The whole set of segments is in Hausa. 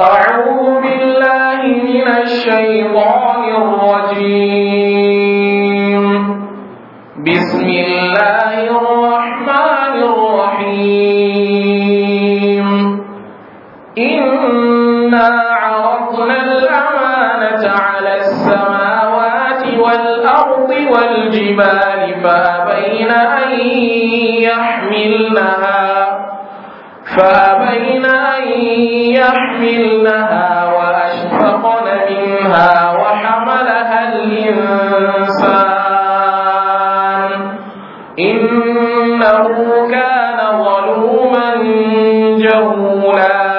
أعوذ بالله من الشيطان الرجيم بسم الله الرحمن الرحيم إنا عرضنا الأمانة على السماوات والأرض والجبال فأبين أن يحملنها فأبين يحملنها وأشفقن منها وحملها الإنسان إنه كان ظلوما جهولا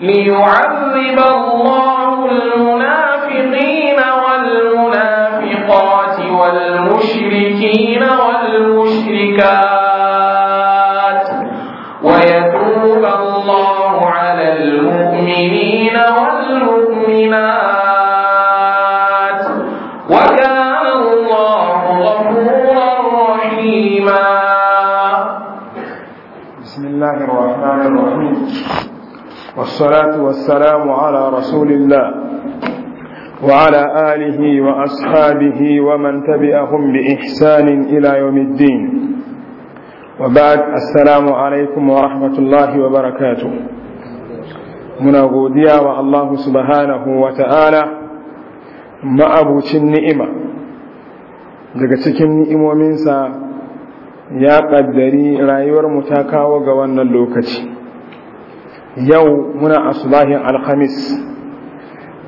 ليعذب الله والسلام على رسول الله وعلى آله وأصحابه ومن تبعهم بإحسان إلى يوم الدين وبعد السلام عليكم ورحمة الله وبركاته من غوديا والله سبحانه وتعالى ما أبو النئمة daga cikin ni'imominsa ya ƙaddari rayuwar mu ta kawo ga wannan lokaci yau muna asulahin alhamis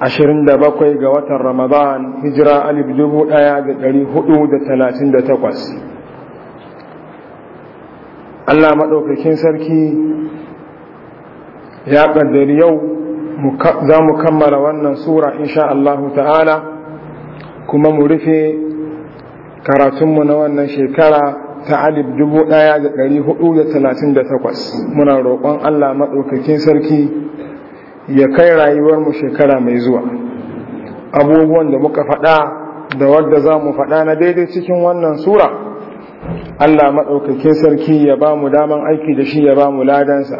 27 ga watan ramadan hijira alif 1438 allah maɗaukakin sarki ya ƙaddari yau za mu kammala wannan sura insha allahu ta'ala kuma mu rufe karatunmu na wannan shekara ta alif dubu ɗaya da ɗari hudu da talatin da takwas muna roƙon Allah maɗaukakin sarki ya kai rayuwar mu shekara mai zuwa abubuwan da muka faɗa da wadda za mu faɗa na daidai cikin wannan sura Allah maɗaukakin sarki ya ba mu daman aiki da shi ya ba mu ladansa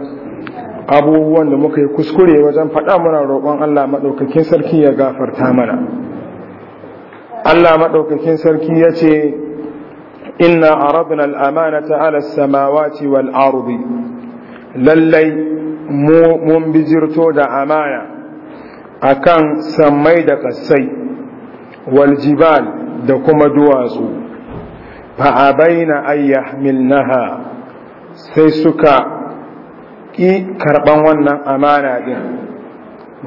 abubuwan da muka yi kuskure wajen faɗa muna roƙon Allah maɗaukakin sarki ya gafarta mana Allah maɗaukakin sarki ya ce inna aradna al'amanata ala samawati wal ardi lallai mun bi jirto da amana akan sammai da kasai wal jibal da kuma duwatsu Ba fa abaina ayyahmilnaha sai suka ƙi karɓan wannan amana ɗin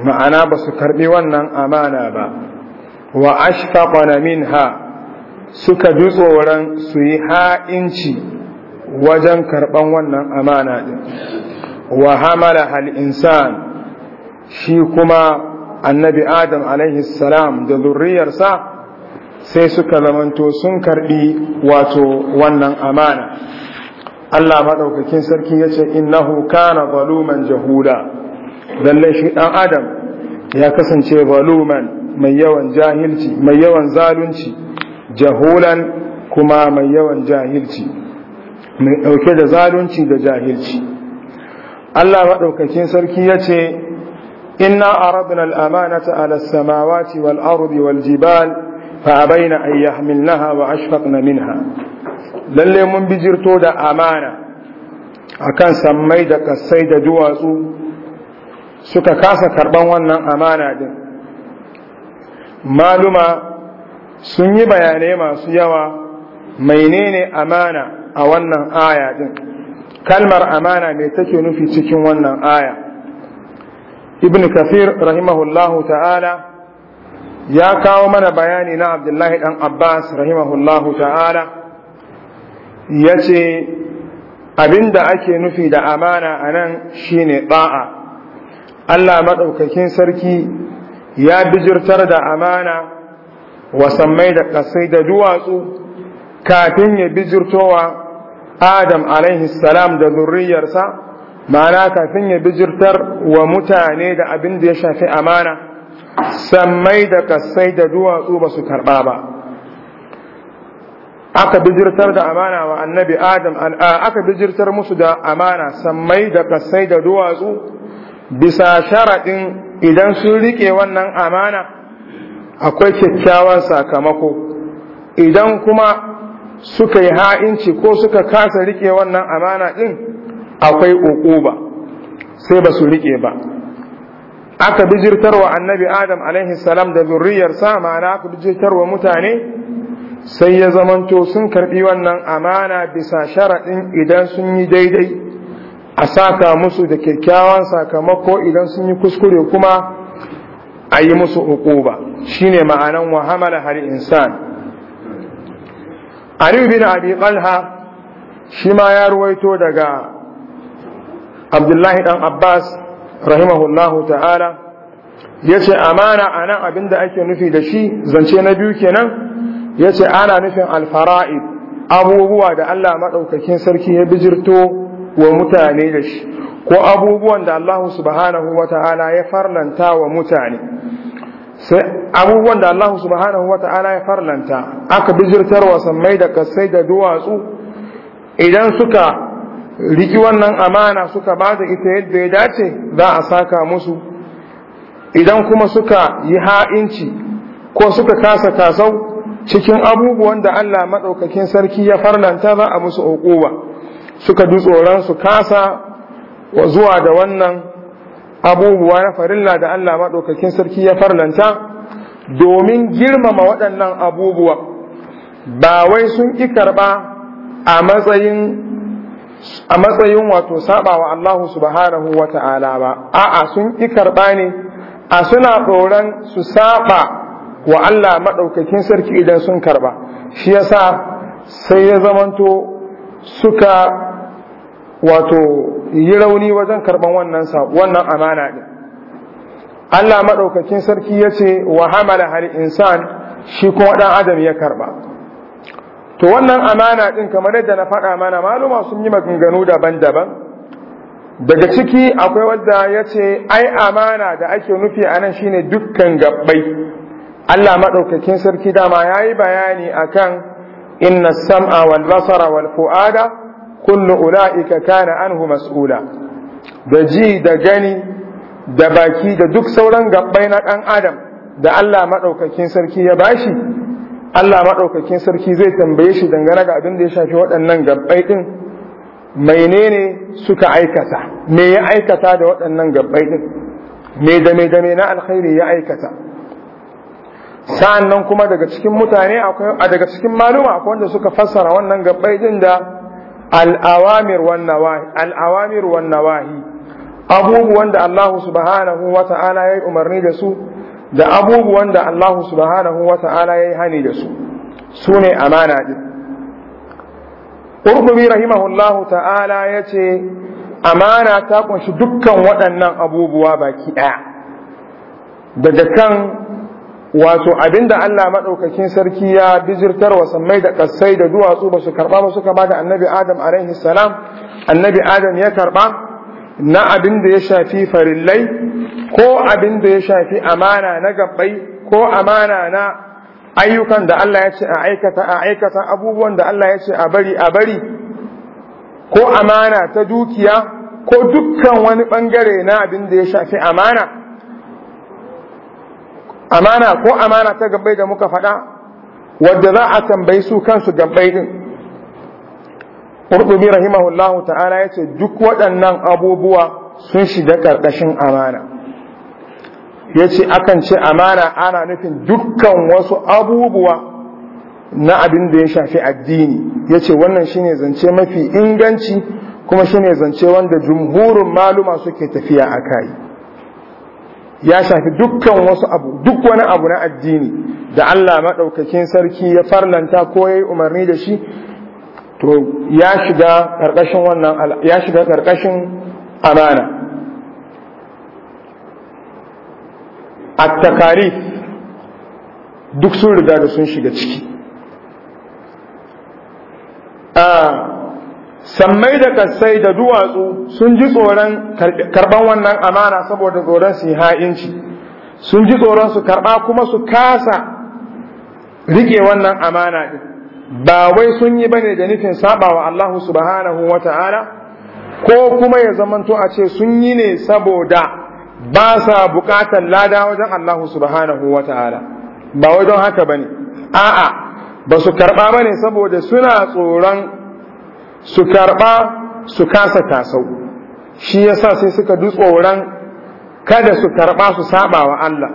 ma'ana ba su karɓi wannan amana ba wa ashfaqana ha. suka ji tsoron su yi ha'inci wajen karɓan wannan amana ɗin wa hamala insan shi kuma annabi adam salam da zurriyarsa sai suka lamanto sun karɓi wato wannan amana Allah maɗaukakin sarki ya ce innahu kana zaluman jahuda lallai shi ɗan adam ya kasance zaluman mai yawan jahilci mai yawan zalunci jahulan kuma mai yawan jahilci mai ɗauke da zalunci da jahilci Allah maɗaukakin sarki ya ce inna aradna al'amanata ala samawati wal ardi wal waljibal, fa abaina an yahmilnaha wa ashfaqna minha lalle mun bijirto da amana akan sammai da kasai da duwatsu suka kasa karɓan wannan amana din maluma sun yi bayanai masu yawa menene amana a wannan aya din kalmar amana mai take nufi cikin wannan aya ibn kasir rahimahullahu ta'ala ya kawo mana bayani na abdullahi dan abbas rahimahullahu ta'ala ya ce abinda ake nufi da amana a nan shine ɗa'a allah maɗaukakin sarki ya bijirtar da amana wasammai da ƙasai da duwatsu kafin ya bijirtowa Adam alaihi salam da zurriyarsa ma'ana kafin ya bijirtar wa mutane da abin da ya shafi amana sammai da ƙasai da duwatsu ba su karɓa ba aka bijirtar da amana wa annabi Adam aka bijirtar musu da amana sammai da ƙasai da duwatsu bisa sharaɗin idan sun riƙe wannan amana akwai kyakkyawan sakamako idan kuma suka yi ha'inci ko suka kasa rike wannan amana din, akwai uquba sai ba su rike ba aka bijirtarwa annabi adam alaihi salam da zurriyarsa ma'ana aka bijirtarwa mutane sai ya zamanto sun karbi wannan amana bisa sharaɗin idan sun yi daidai a saka musu da kyakkyawan sakamako idan sun yi kuskure kuma a yi musu uquba shine ma'anan wa hamala hal insan Ali bin Abi qalha shi ma ya ruwaito daga Abdullahi dan Abbas rahimahullahu ta'ala yace amana anan abinda ake nufi da shi zance na biyu kenan yace ana nufin al alfara'id abubuwa da Allah madaukakin sarki ya bijirto wa mutane da shi ko abubuwan da Allah subhanahu wa ta'ala ya farlanta wa mutane sai abubuwan da Allah subhanahu wa ta'ala ya farlanta aka bijirtarwa sammai da kasai da duwatsu idan suka riki wannan amana suka ba da ita yadda ya dace za a saka musu idan kuma suka yi ha'inci ko suka kasa kasau cikin abubuwan da Allah maɗaukakin sarki ya farlanta za a musu uquba suka du tsoron su kasa wa zuwa da wannan abubuwa na farilla da Allah maɗaukakin sarki ya farlanta domin girmama waɗannan abubuwa ba wai sun ƙi karɓa a matsayin wato saɓawa wa Allah subhanahu wa ta'ala ba a'a sun ƙi karɓa ne a suna tsoron su saɓa wa Allah maɗaukakin sarki idan sun karɓa shi yasa sai ya zamanto suka wato yi rauni wajen karɓar wannan wannan amana ɗin Allah maɗaukakin sarki yace wa hamala hal insan shi kuma ɗan adam ya karɓa. to wannan amana ɗin kamar yadda na faɗa mana maluma sun yi maganganu daban-daban daga ciki akwai wadda ce ai amana da ake nufi anan shine dukkan gabbai Allah maɗaukakin sarki dama ya yi bayani akan inna sam'a wal basara wal fu'ada kullu ula'ika kana anhu mas'ula da ji da gani da baki da duk sauran gabbai na ɗan adam da Allah maɗaukakin sarki ya bashi Allah maɗaukakin sarki zai tambaye shi dangane ga abin da ya shafi waɗannan gabbai ɗin Mainene suka aikata me ya aikata da waɗannan gabbai ɗin me da me da me na alkhairi ya aikata sa'an nan kuma daga cikin mutane akwai daga cikin maluma akwai wanda suka fassara wannan gabbai ɗin da al'awamir wan nawahi abubuwan da Allah subhanahu wa ta'ala ya yi umarni da su da abubuwan da Allah subhanahu wa ta'ala ya yi hani da su su amana din Ƙurɗubi rahimahullahu ta'ala ya ce, Amana ta ƙunshi dukkan waɗannan abubuwa baki ɗaya, daga kan wato abinda Allah madaukakin sarki ya bijirtar wa sammai da kassai da duwatsu ba su karba ba suka bada annabi Adam alaihi salam annabi Adam ya karba na abin da ya shafi farillai ko abin da ya shafi amana na gabbai ko amana na ayyukan da Allah ya ce a aikata a aikata abubuwan da Allah ya ce a bari a bari ko amana ta dukiya ko dukkan wani bangare na abin da ya shafi amana amana ko amana ta gambai da muka faɗa wadda za a tambayi su kansu gambai din ƙurɗumi rahimahullahu ta'ala ya ce duk waɗannan abubuwa sun shiga ƙarƙashin amana ya ce akan ce amana ana nufin dukkan wasu abubuwa na abin da ya shafi addini ya ce wannan shine zance mafi inganci kuma shine zance wanda jumhurin maluma suke tafiya a kai ya shafi dukkan wasu abu duk wani abu na addini da Allah maɗaukakin sarki ya farlanta ko ya yi umarni da shi to ya shiga ƙarƙashin wannan ya shiga ƙarƙashin amana at takari duk sun riga da sun shiga ciki ah, sammai da kasai da duwatsu sun ji tsoron karban wannan amana saboda tsoron su ha'inci sun ji tsoron su karba kuma su kasa rike wannan amana din ba wai sun yi bane da nufin saba wa Allah subhanahu wata'ala ko kuma ya zamanto a ce sun yi ne saboda ba sa bukatar lada wajen Allah subhanahu wata'ala ba wai don haka bane a'a ba su karba bane saboda suna tsoron su karɓa su kasa tasau shi ya sa sai suka du tsoron kada su karɓa su saba wa Allah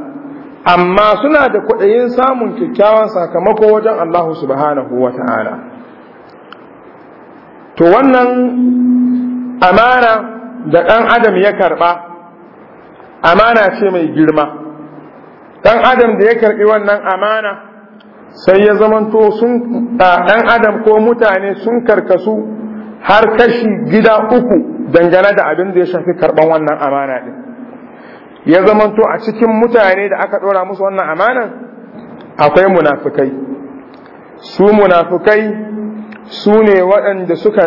amma suna da kuɗayin samun kyakkyawan sakamako wajen Allah subhanahu wa ta'ala to wannan amana da ɗan adam ya karɓa amana ce mai girma ɗan adam da ya karɓi wannan amana sai ya zamanto sun ɗan adam ko mutane sun karkasu har kashi gida uku dangane da abin da ya shafi karban wannan amana din ya zamanto a cikin mutane da aka dora musu wannan amanan akwai munafukai su munafukai su ne waɗanda suka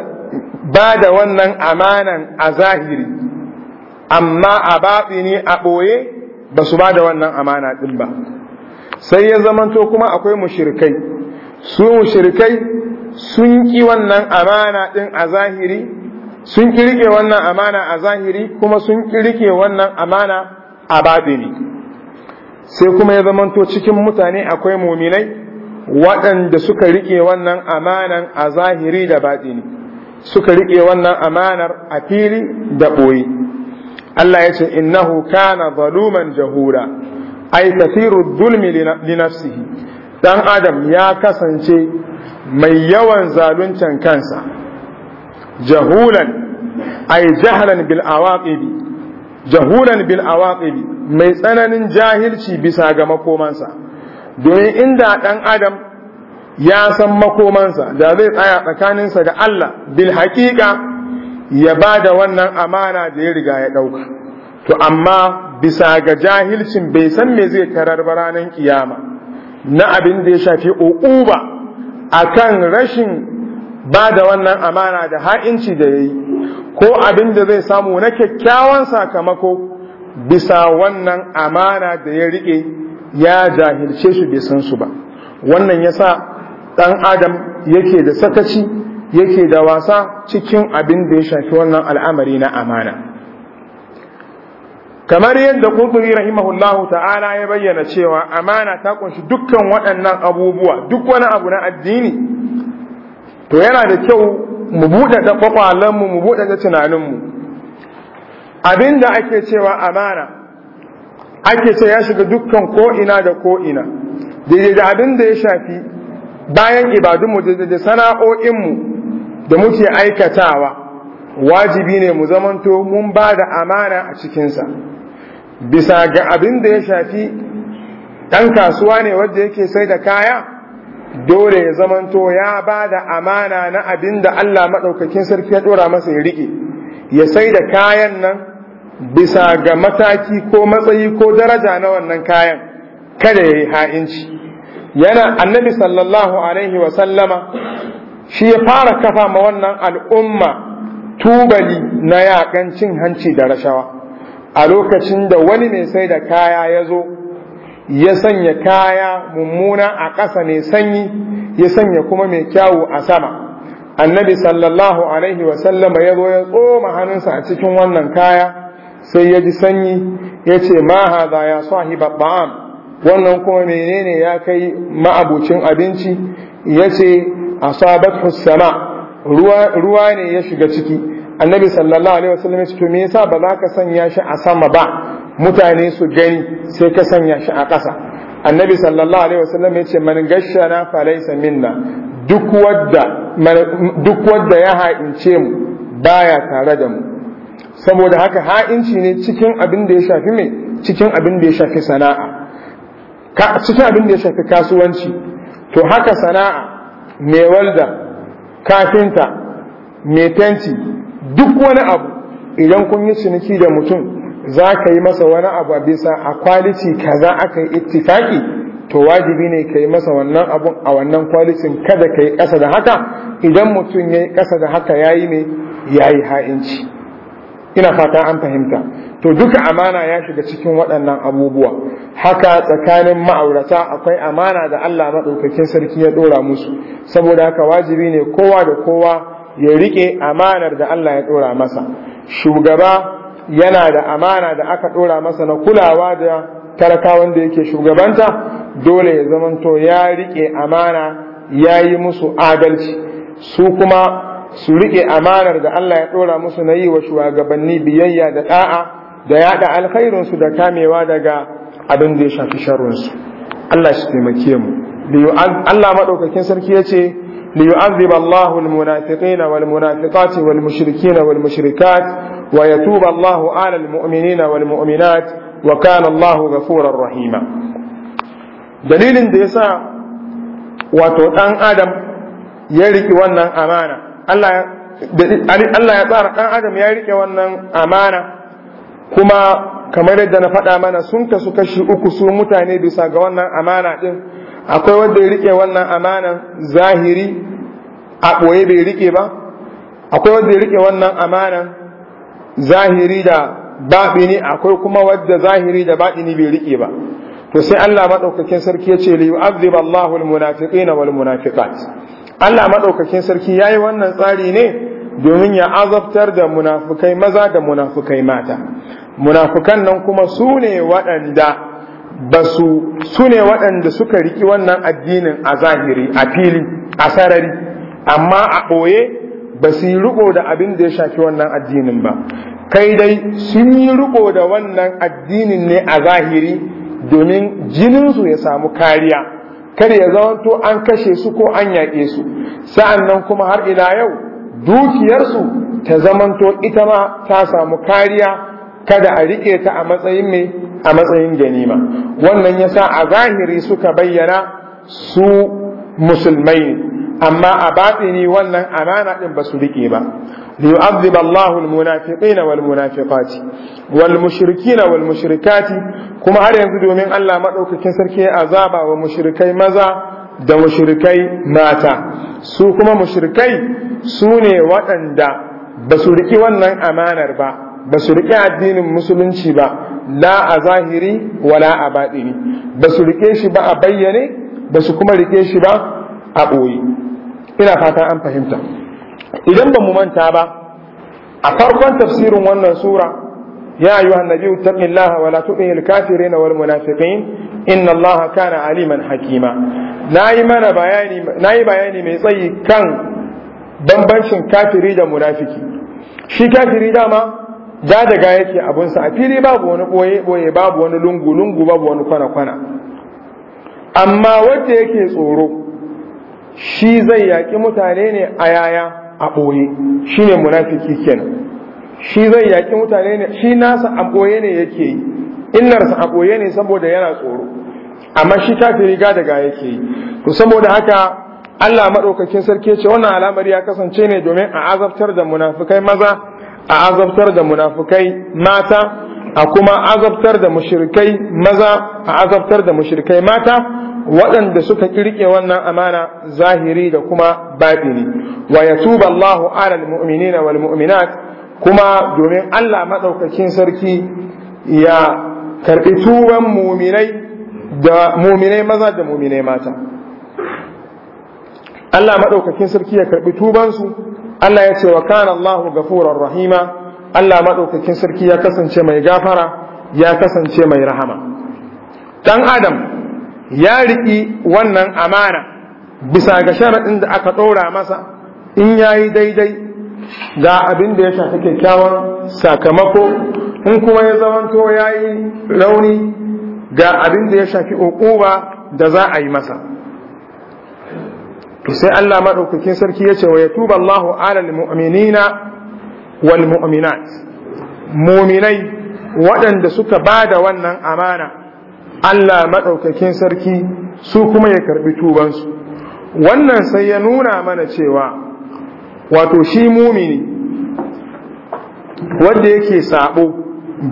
ba da wannan amanan a zahiri amma a ne a ɓoye ba su ba da wannan amana ɗin ba sai ya zamanto kuma akwai mushirikai su mushirikai sun ki wannan amana din a zahiri sun ki rike wannan amana a zahiri kuma sun ki rike wannan amana a babini sai kuma ya zamanto cikin mutane akwai muminai waɗanda suka rike wannan amanan a zahiri da babini suka rike wannan amanar a fili da ɓoye Allah ya ce innahu kana zaluman jahura ai kasiru dhulmi li nafsihi dan adam ya kasance mai yawan zaluncin kansa jahulan ay jahlan bil awaqibi jahulan bil awaqibi mai tsananin jahilci bisa ga makomansa domin inda dan adam ya san makomansa da zai tsaya tsakaninsa da Allah bil haqiqa ya ba da wannan amana da ya riga ya dauka to amma bisa ga jahilcin bai san me zai tarar ba ranar kiyama na abin da ya shafi uquba akan rashin ba da wannan amana da ha'inci da ya yi, ko abin da zai samu na kyakkyawan sakamako bisa wannan amana da ya riƙe ya jahilce shi bai san su ba wannan yasa ɗan adam yake da sakaci yake da wasa cikin abin da ya shafi wannan al'amari na amana kamar yadda qurtubi rahimahullahu ta'ala ya bayyana cewa amana ta kunshi dukkan waɗannan abubuwa duk wani abu na addini to yana da kyau mu buɗe da kwakwalenmu mu buɗe da tunaninmu abinda ake cewa amana ake ce ya shiga dukkan ko'ina da ko'ina daidai da abin da ya shafi bayan ibadunmu daidai da sana'o'inmu da muke aikatawa wajibi ne mu zamanto mun ba da amana a cikinsa bisa ga abin da ya shafi ɗan kasuwa ne wadda yake sai da kaya dole ya zamanto ya ba da amana na abin da Allah maɗaukakin sarki ya ɗora masa ya riƙe ya sai da kayan nan bisa ga mataki ko matsayi ko daraja na wannan kayan kada ya yi ha'inci yana annabi sallallahu alaihi wasallama shi ya fara kafa ma wannan al'umma tubali na yaƙan cin hanci da rashawa a lokacin da wani mai sai da kaya ya zo ya sanya kaya mummuna a ƙasa mai sanyi ya sanya kuma mai kyawu a sama annabi sallallahu alaihi wasallama ya zo ya tsoma hannunsa a cikin wannan kaya sai ya ji sanyi ya ce ma haza ya sahiba ba'am wannan kuma menene ya kai ma'abucin abinci ya ce asabat sama ruwa ne ya shiga ciki annabi sallallahu alaihi wasallam ya ce to me yasa ba za ka sanya shi a sama ba mutane su gani sai ka sanya shi a ƙasa annabi sallallahu alaihi wasallam ya ce man gashana fa laysa minna duk wadda duk wadda ya ha'ince mu baya tare da mu saboda haka ha'inci ne cikin abin da ya shafi me cikin abin da ya shafi sana'a ka cikin abin da ya shafi kasuwanci to haka sana'a mai walda kafinta mai fenti duk wani abu idan kun yi ciniki da mutum za ka yi masa wani abu a bisa a kwaliti ka za aka yi ittifaki to wajibi ne ka yi masa wannan abun a wannan kwalitin kada ka yi ƙasa da haka idan mutum ya yi ƙasa da haka ya yi ne ya yi ha'inci ina fata an fahimta to duka amana ya shiga cikin waɗannan abubuwa haka tsakanin ma'aurata akwai amana da Allah maɗaukakin sarki ya ɗora musu saboda haka wajibi ne kowa da kowa ya rike amanar da Allah ya dora masa shugaba yana da amana da aka dora masa na kulawa da talakawan da yake shugabanta dole ya zamanto ya rike amana ya yi musu adalci su kuma su rike amanar da Allah ya dora musu na yi wa shugabanni biyayya da da'a da yada alkhairunsu da kamewa daga abin da ya shafi sharrinsu Allah shi taimake mu Allah maɗaukakin sarki ya ce ليعذب الله المنافقين والمنافقات والمشركين والمشركات ويتوب الله على المؤمنين والمؤمنات وكان الله غفورا رحيما دليل ديسا وتوتان آدم يلك ونن أمانة الله Allah ya tsara ɗan adam ya riƙe wannan amana kuma kamar yadda na faɗa mana sun kasu kashi uku su mutane bisa ga wannan amana ɗin akwai wanda ya rike wannan amanan zahiri a ɓoye bai rike ba akwai wanda ya rike wannan amanan zahiri da baɗini akwai kuma wanda zahiri da baɗini bai rike ba to sai Allah madaukakin sarki ya ce li yu'adhib Allahu al munafiqin wal munafiqat Allah madaukakin sarki yayi wannan tsari ne domin ya azabtar da munafukai maza da munafukai mata munafukan nan kuma su ne waɗanda ba su su ne waɗanda suka riƙi wannan addinin a zahiri a fili a sarari amma a ɓoye ba su yi riƙo da abin da ya shafi wannan addinin ba kai dai sun yi riƙo da wannan addinin ne a zahiri domin jininsu ya samu kariya kada ya zamanto an kashe su ko an yaƙe su sa'an nan kuma har ila yau dukiyarsu ta zamanto ita ma ta samu kariya kada a riƙe ta a matsayin mai a matsayin ganima wannan yasa a zahiri suka bayyana su musulmai amma a ne wannan amana din ba su rike ba ليعذب الله المنافقين والمنافقات والمشركين والمشركات كما هل ينزل من الله مدعوك كسركي عذابا ومشركي مزا da mushrikai mata su kuma mushrikai su ne waɗanda basu su riƙi wannan amanar ba ba su riƙe addinin musulunci ba la a zahiri wala a baɗini ba su riƙe shi ba a bayyane ba su kuma riƙe shi ba a ɓoye ina fata an fahimta idan ba mu manta ba a farkon tafsirin wannan sura يا أيها النبي اتق الله ولا تطع الكافرين والمنافقين إن الله كان عليما حكيما ناي مانا بياني ناي بياني مي تسي كان بambancin kafiri da munafiki shi kafiri dama da daga yake abunsa a fili babu wani ɓoye-ɓoye babu wani lungu-lungu babu wani kwana-kwana amma wanda yake tsoro shi zai yaƙi mutane ne a yaya a ɓoye shi ne munafiki kenan shi zai yaƙi mutane ne shi nasa a ɓoye ne yake yi innarsa a ɓoye ne saboda yana tsoro amma shi kafiri ga daga yake yi to saboda haka Allah maɗaukakin sarki ce wannan al'amari ya kasance ne domin a azabtar da munafikai maza a azabtar da munafukai mata a kuma azabtar da mushrikai maza a azabtar da mushrikai mata waɗanda suka kirke wannan amana zahiri da kuma batini wa yatuba Allahu ala almu'minina wal mu'minat kuma domin Allah madaukakin sarki ya karbi tuban muminai da muminai maza da muminai mata Allah madaukakin sarki ya karbi su. Allah ya ce wa kana Allahu gafurar rahima Allah maɗaukakin sarki ya kasance mai gafara ya kasance mai rahama Ɗan adam ya riƙi wannan amana bisa ga sharaɗin da aka ɗora masa in ya yi daidai ga abin da ya shafi kyakkyawan sakamako in kuma ya zamanto ya yi rauni ga abin da ya shafi uquba da za a yi masa to sai Allah madaukakin sarki ya ce wa yatuba Allahu ala almu'minina wal mu'minai waɗanda suka ba da wannan amana Allah maɗaukakin sarki su kuma ya karɓi tubansu wannan sai ya nuna mana cewa wato shi mumini wanda yake saɓo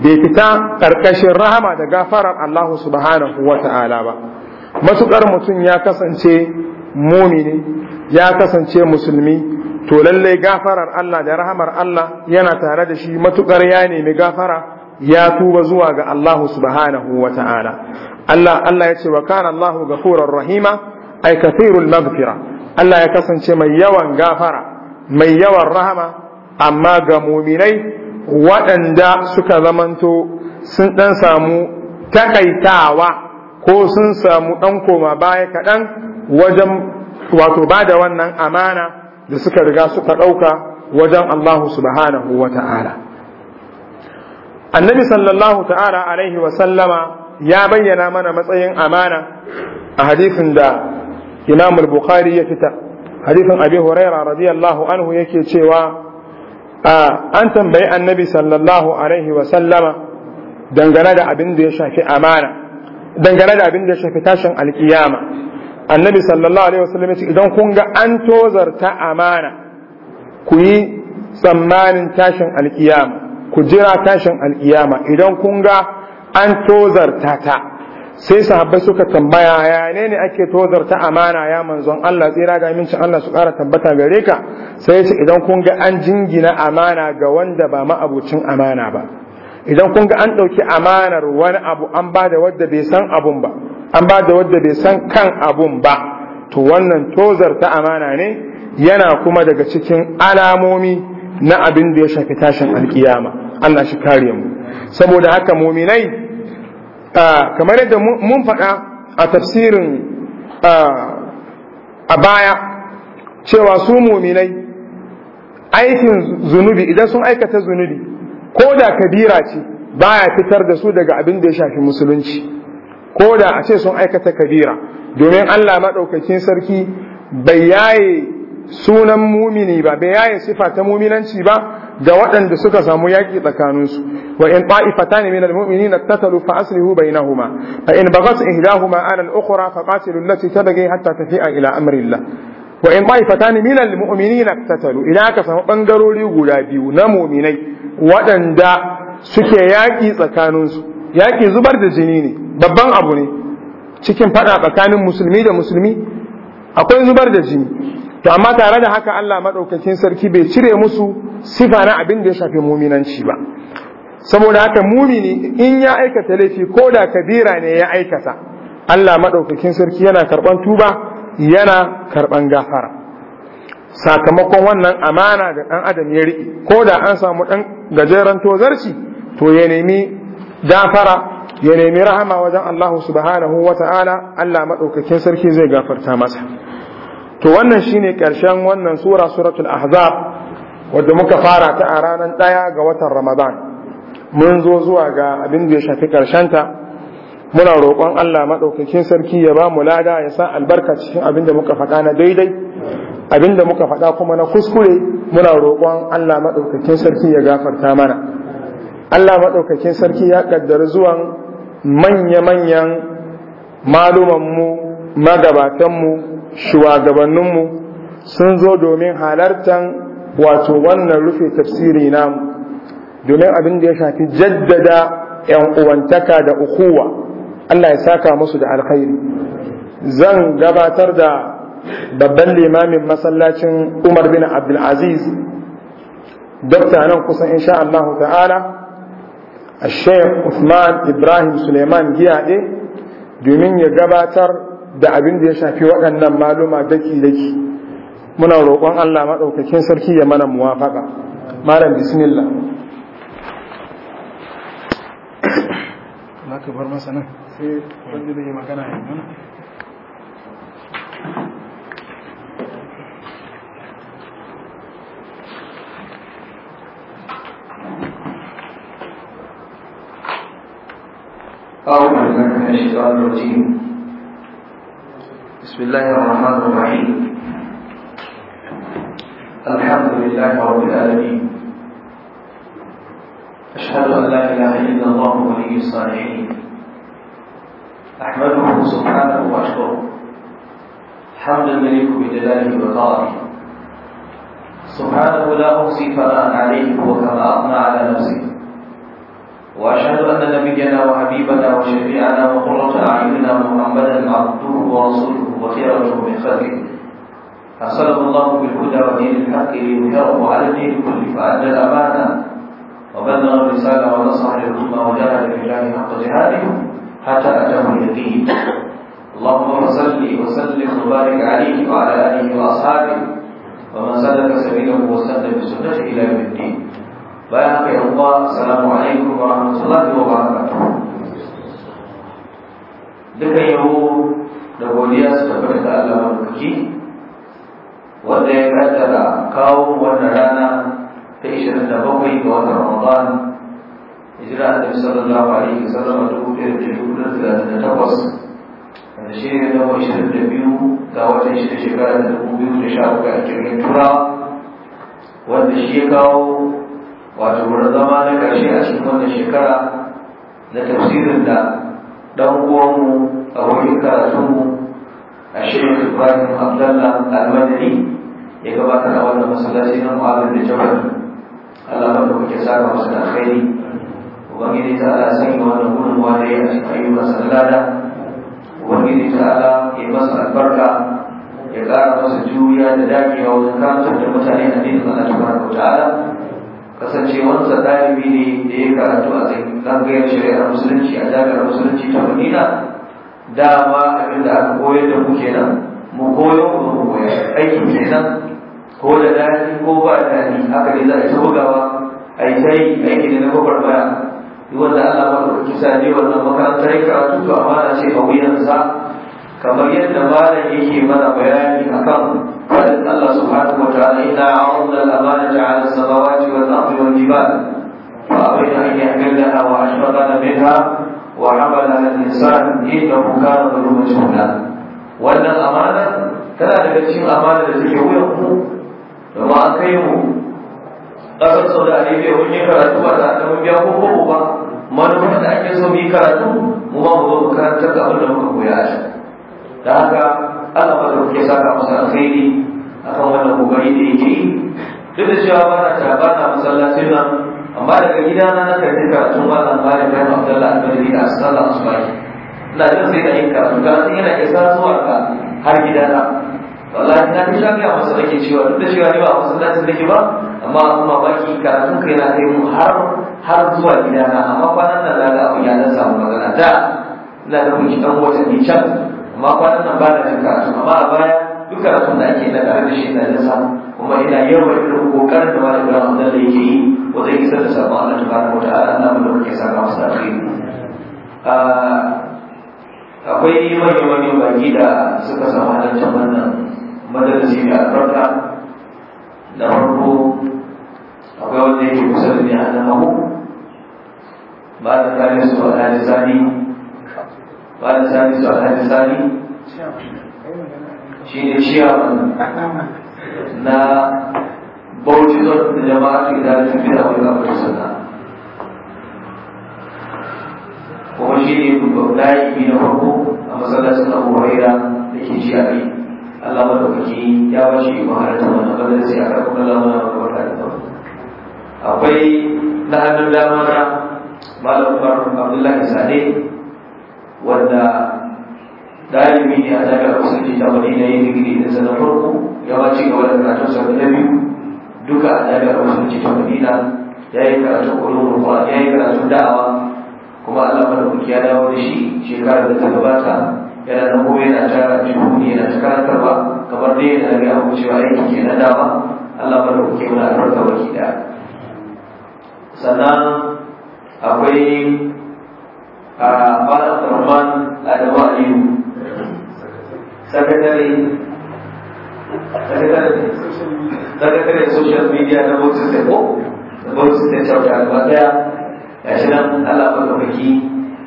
bai fita ƙarƙashin rahama da gafarar Allah subhanahu wa ta'ala ba matuƙar mutum ya kasance mumini ya kasance musulmi to lallai gafarar Allah da rahamar Allah yana tare da shi matukar ya nemi gafara ya tuba zuwa ga Allah subhanahu wa ta'ala Allah Allah ya ce wa kana Allah gafurar rahima ay kathirul maghfira Allah ya kasance mai yawan gafara mai yawan rahama amma ga muminai waɗanda suka zamanto sun ɗan samu takaitawa ko sun samu ɗan koma baya kaɗan wajen wato ba da wannan amana da suka riga suka ɗauka wajen Allah subhanahu wa ta'ala. Annabi sallallahu ta'ala alaihi wa sallama ya bayyana mana matsayin amana a hadisin da Imam al-Bukhari ya fita, hadisin Abi Huraira radiyallahu anhu yake cewa an tambayi annabi sallallahu alaihi wa sallama dangane da abin da ya shafi amana, dangane da abin da ya shafi tashin alkiyama. annabi sallallahu alaihi wasallam ce idan kun ga an tozarta amana ku yi tsammanin tashin alkiyama ku jira tashin alkiyama idan kun ga an tozarta ta sai sahabbai suka tambaya ya ne ne ake tozarta amana ya manzon Allah tsira ga minci Allah su ƙara tabbata gare ka sai ce idan kun ga an jingina amana ga wanda ba ma'abucin amana ba idan kun ga an ɗauki amanar wani abu an bada wadda bai san abun ba an ba da wadda bai san kan abun ba to wannan tozar ta amana ne yana kuma daga cikin alamomi na abin da ya shafi tashin alkiyama Allah shi kare mu saboda haka muminai kamar yadda mun faɗa a tafsirin a baya cewa su muminai aikin zunubi idan sun aikata zunubi ko da kabira ce baya fitar da su daga abin da ya shafi musulunci ko da a ce sun aikata kabira domin Allah maɗaukakin sarki bai yaye sunan mumini ba bai yaye sifa ta muminanci ba ga waɗanda suka samu yaƙi tsakaninsu wa in ta'ifatan min al-muminina tatalu fa aslihu bainahuma fa in baghat ihdahuma ala al-ukhra fa qatilu allati tabghi hatta tafi'a ila amrillah wa in ta'ifatan min al-muminina tatalu ila ka samu bangarori guda biyu na mu'minai waɗanda suke yaƙi tsakaninsu yaƙi zubar da jini ne babban abu ne cikin fada tsakanin musulmi da musulmi akwai zubar da jini to amma tare da haka Allah madaukakin sarki bai cire musu sifa na abin da ya shafi muminanci ba saboda haka mumini in ya aikata laifi ko da kabira ne ya aikata Allah madaukakin sarki yana karban tuba yana karban gafara sakamakon wannan amana da ɗan adam ya riƙe ko da an samu ɗan gajeren tozarci to ya nemi gafara ya nemi rahama wajen Allah subhanahu wa ta'ala Allah maɗaukakin sarki zai gafarta masa to wannan shi ne ƙarshen wannan sura suratul ahzab wadda muka fara ta a ranar ɗaya ga watan ramadan mun zo zuwa ga abin da ya shafi ƙarshen ta. muna roƙon Allah maɗaukakin sarki ya ba mu lada ya sa albarka cikin abin da muka faɗa na daidai abin da muka faɗa kuma na kuskure muna roƙon Allah maɗaukakin sarki ya gafarta mana Allah maɗaukakin sarki ya ƙaddar zuwan manya-manyan malumanmu magabatanmu shugabanninmu sun zo domin halartar wato wannan rufe tafsiri namu domin abin da ya shafi jaddada 'yan uwantaka da ukuwa Allah ya saka musu da alkhairi zan gabatar da babban limamin masallacin Umar bin Abdulaziz dokta nan kusan insha Allah ta'ala Sheikh Usman Ibrahim سليمان Giyaɗe domin ya gabatar da abin da ya shafi waɗannan maluma daki-daki muna roƙon Allah maɗaukakin sarki ya mana muwafaka malam bismillah ka bar masa nan sai wanda magana ya أعوذ بالله من الشيطان الرجيم بسم الله الرحمن الرحيم الحمد لله رب العالمين أشهد أن لا إله إلا الله ولي الصالحين أحمده سبحانه وأشكره حمدا يليق بجلاله وقاره سبحانه لا أحصي ثناء عليه وكما أثنى على نفسه وأشهد أن نبينا وحبيبنا وشفيعنا وقرة أعيننا محمدا عبده ورسوله وخيرته من خلقه أرسله الله بالهدى ودين الحق ليظهره على الدين كله فأدى الأمانة وبلغ الرسالة ونصح للأمة وجاهد في الله حق جهاده حتى أتاه اليقين اللهم صل وسلم وبارك عليه وعلى آله وأصحابه ومن سلك سبيله واستهدى بسنته إلى يوم الدين Baik ya Allah, Assalamualaikum warahmatullahi wabarakatuh. Duka yau da godiya su tabbata ga Allah mabuki wanda ya kaddara kawo wannan rana ta 27 ga sallallahu alaihi wasallam da dubu da dubu da talatin da takwas da shi ne na ashirin da biyu ga watan shida shekara da dubu biyu da sha a wanda shi ya kawo wato wurin zama na ƙarshe a cikin wannan shekara na tafsirin da ɗan uwanmu wurin karatunmu a shirin tufafin abdallah madani ya gabata a wannan masallaci na mu'adar da jabal allah ba da kuke saka masa da alkhairi ubangiji ta ala sanya wannan gudun da ya a cikin ayyukan sallada ubangiji ta ala ya masa albarka ya ƙara masa juriya da dagewa wajen karantar da mutane a dinin allah tabaraka ta'ala kasancewansa ɗalibi ne da ya karatu a zangayar shari'ar musulunci a jami'ar musulunci ta madina dama abin da aka koyar da mu kenan mu koyo mu koya aikin kenan ko da daɗi ko ba daɗi haka ne za a yi bugawa a sai aiki da na kwakwar baya wanda Allah ba da kisa ne wannan makarantar ya karatu to amana ce a kamar yadda malam yake mana bayani a kan fadin Allah subhanahu wa ta'ala inna a'udna al-amanata 'ala as-samawati wal ardi wal jibal fa abayna an yahmilnaha wa ashfaqna minha wa hamalaha al-insan innahu kana zaluman jahula wannan amana tana daga cikin amana da take wuyan ku? da ma kai mu ƙasar Saudi Arabia mun yi karatu ba za ta mun biya ko ba manufar da ake so mu yi karatu mu ba mu zo mu karanta ga abin da muka koya a da haka Allah ba da kuke saka masa a kan wannan kokari da yake yi duk da cewa ba na taba na masallacin nan amma daga gida na na karbi karatun malam malam kan Abdullahi Abdullahi da sallah asubahi ina jin sai na yi karatu karatun yana isa zuwa ka har gida na wallahi na ta shafi a da ke cewa duk da cewa ni ba a masallacin nake ba amma kuma baki karatu kai na kai mu har har zuwa gida na amma kwanan nan na ga abin ya dan samu magana ta. ina da ki ɗan watanni can amma kwanan nan ba na jin karatu amma a baya duk karatun da ake na tare da shi na jinsa kuma ina yawan irin kokarin da malam wanda da yake yi wajen isar da sabon Allah tabaraka wa ta'ala Allah mu da kake saka masa alheri ah, akwai manyan wani baki da suka samu halartar wannan madarasi mai albarka da farko akwai wanda yake kusa da ni a nan mahu ba da kare su a ɗaya zani malam sani su alhaji sani shi ne ciyaman na bauchi zon da jama'a su idanun bida wani suna kuma shi ne layi biyu na farko a masallacin abu waira da ke ci a yi Allah madaukaki ya ba shi maharata wannan bada sai a karɓar Allah mana mabarka da kawai akwai na hannun dama na malam Abdullahi Sade wanda dalibi ne a jami'ar musulmi ta na yin digiri da sanar farko ya ma ci gaba da karatun sa na biyu duka a jami'ar musulmi ta madina ya yi karatun ulumul qur'an ya yi karatun da'awa kuma Allah buki ya dawo da shi shekarar da ta gabata yana da kuma yana tara jihuni yana ta ba. kamar dai yana ga abu cewa aiki ke na dawa. Allah buki muna albarka baki da sannan akwai Malam Rahman Adawa Aliyu Sakatare Sakatare social media na Bauchi State ko da Bauchi State Chapter gaba daya ga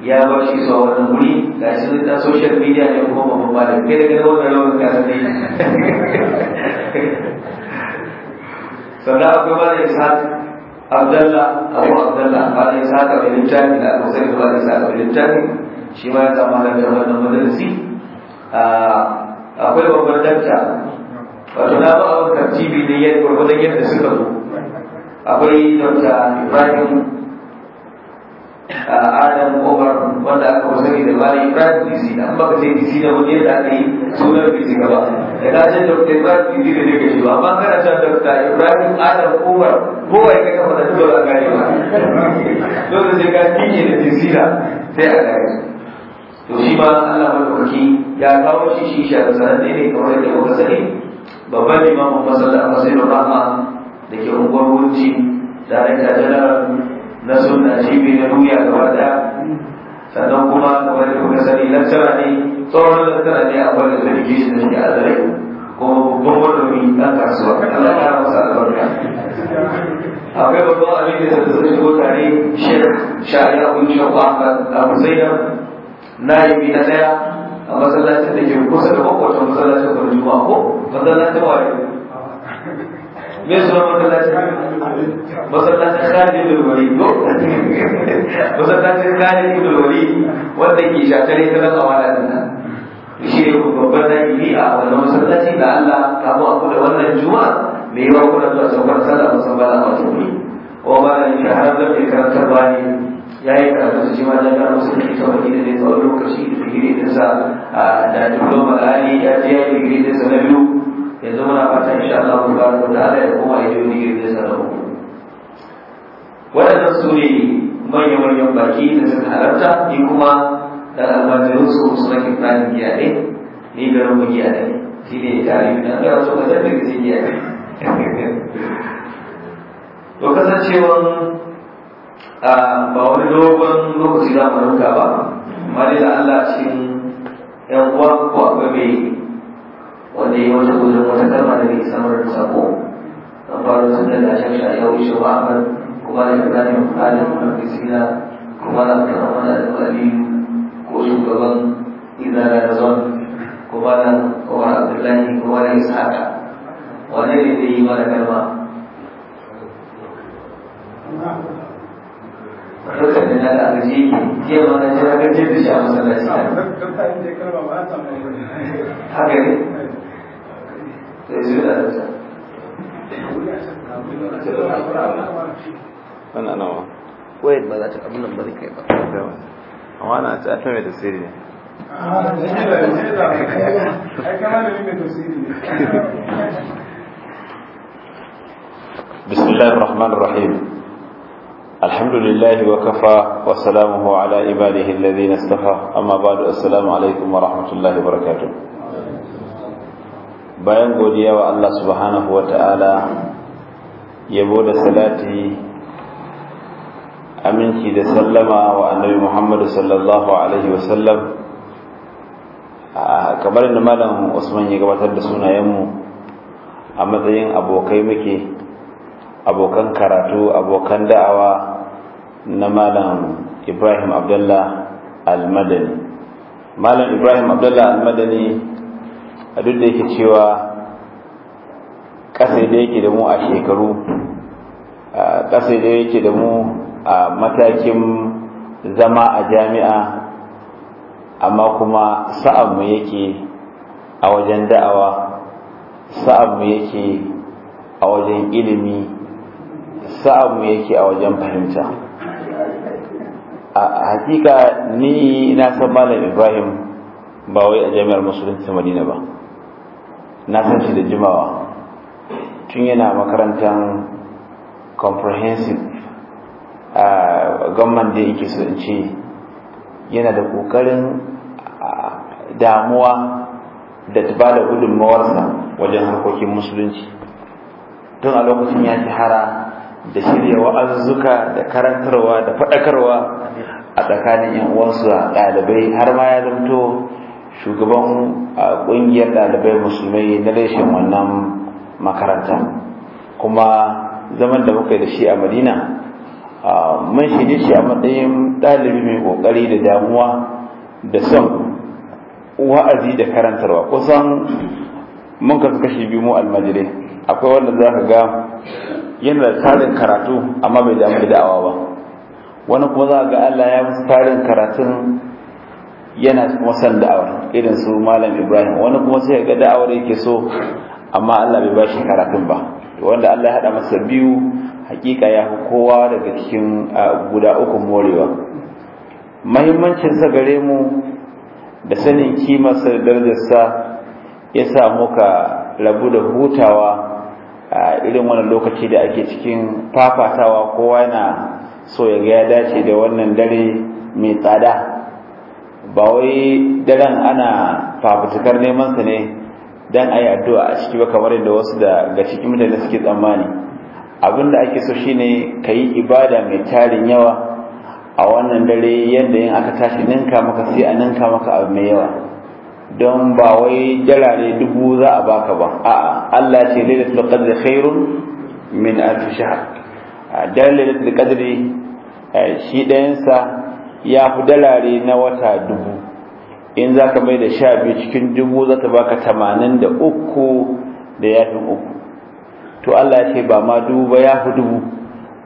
ya ba shi zuwa wannan wuri ga ta social media ne kuma babban malam kai daga wannan rawar ka sani sannan akwai malam Ishaq abdalla abu abdalla ba da isa ka mai littafi da abu sai ba da isa ka mai littafi shi ma ya zama da wannan madarsi ah, akwai babban dakta wato na ba abin tartibi ne yadda gwargwadon yadda suka zo akwai dr ibrahim ah, adam umar wanda aka wasu da bari ibrahim dc da an baka sai dc da wani yadda aka yi surar bai shiga ba da ka ce da kai bibi da ne ka shi ba amma kana can da ta ibrahim adam umar kowai ka kafa da dole a gane ba dole sai ka kinye da tisira sai a gane to shi ma Allah madaukaki ya kawo shi shi shi a sananne ne kamar yadda kuka sani babban limamin masallaci masai da rahma da ke unguwar wunci da rika janar na sunna shi ne na duniya gaba daya sannan kuma kamar yadda kuka sani lantara ne tsohon zakara ne a wani zargi shi da shi a zare kuma babban manomi ɗan kasuwa Allah ya kara masa albarka akwai babban abin da zai zai ko tare shek sha'ari abun shafa abu zainab na yi bi na ɗaya a masallacin da ke kusa da makwacin masallacin kwanci ma ko masallacin waye me suna masallacin masallacin kare bin wali ko masallacin kare bin wali wanda ke shakare ta zama a nan. shi ne babban zahiri a wannan masallaci da Allah ka mu aku da wannan juma'a me yawa kuna zuwa saukar sallah musamman a masu wuri kuma ba da yake har da mai karantar ne. ya yi karatu su jima da gara musu ne ta wani ne zai tsawon lokaci da digiri dinsa da dubban malali ya je ya yi digiri sa na biyu yanzu muna fatan insha Allah ku ba da Allah ya koma ya yi digiri sa na uku waɗannan su ne manyan manyan baki da suka halarta ni kuma da almajirin su su maki fulani giya ne ni garin mu giya ne shi ne ya yi na ɗaya su kasar da gaji giya ne to kasancewan ba wani dogon lokaci za mu rinka ba amma dai Allah cikin yan uwa ko akwai mai wanda ya wata gudun wata kalma da bai samar da sako an fara sun da shan sha yau shi ba amma kuma da ibrahim ko shugaban izara da zon ko malam ko abdullahi ko wani isaka ne yi mana kalma dukkan da na gaji ke mana ji na gaji da shi a haka ne da zuwa da ta wannan nawa ba za ta abin nan ba amma na ci ta mai tasiri ne بسم الله الرحمن الرحيم الحمد لله وكفى وسلامه على عباده الذين اصطفى أما بعد السلام عليكم ورحمة الله وبركاته bayan godiya wa Allah subhanahu wa ta'ala yabo da salati aminci da sallama wa annabi muhammadu sallallahu alaihi wasallam kamar yadda malam usman ya gabatar da sunayenmu a matsayin abokai muke abokan karatu abokan da'awa na malam ibrahim abdullah almadani malam ibrahim abdullah almadani a duk da yake cewa ƙasa da yake da mu a shekaru ƙasa da yake da mu a matakin zama a jami'a amma kuma sa'anmu yake a wajen da'awa sa'anmu yake a wajen ilimi sa'anmu yake a wajen fahimta a hakika ni na san malam ibrahim ba wai a jami'ar musulunci madina ba na san shi da jimawa tun yana makarantar comprehensive gwamnan da yake so in ce yana da ƙoƙarin damuwa da ba da gudunmawarsa wajen harkokin musulunci Tun a lokacin ya hara da shirya wa'azzuka da karantarwa da faɗakarwa a tsakanin yan uwansu ɗalibai har ma ya zamto shugaban ƙungiyar ɗalibai musulmai na reshen wannan makaranta kuma zaman da muka yi da shi a madina mun shige shi a matsayin ɗalibi mai ƙoƙari da damuwa da son wa'azi da karantarwa kusan mun kasu kashi biyu mu almajirai akwai wanda za ka ga yana da tarin karatu amma bai damu da da'awa ba wani kuma za ga Allah ya musu tarin karatun yana kuma son da'awar irin su malam ibrahim wani kuma sai ga da'awar yake so amma Allah bai shi karatun ba wanda Allah ya hada masa biyu hakika ya fi kowa daga cikin guda uku morewa mahimmancin sa gare mu da sanin kimarsa da darajarsa ya sa muka rabu da hutawa a irin wannan lokaci da ake cikin fafatawa kowa yana so ya ga ya dace da wannan dare mai tsada ba wai daren ana fafutukar neman sa ne dan ayi addu'a a ciki ba kamar yadda wasu da ga cikin mutane suke tsammani abin da ake so shine kayi ibada mai tarin yawa a wannan dare yadda yin aka tashi ninka maka sai a ninka maka abu mai yawa don ba wai jarare dubu za a baka ba a'a Allah ya ce lailatul qadri khairun min alf shahr daren da qadri eh, shi ɗayansa ya fi dalare na wata dubu in za ka mai da sha biyu cikin dubu za ta baka tamanin da uku da yafin uku to Allah ya ce ba ma dubu ba ya fi dubu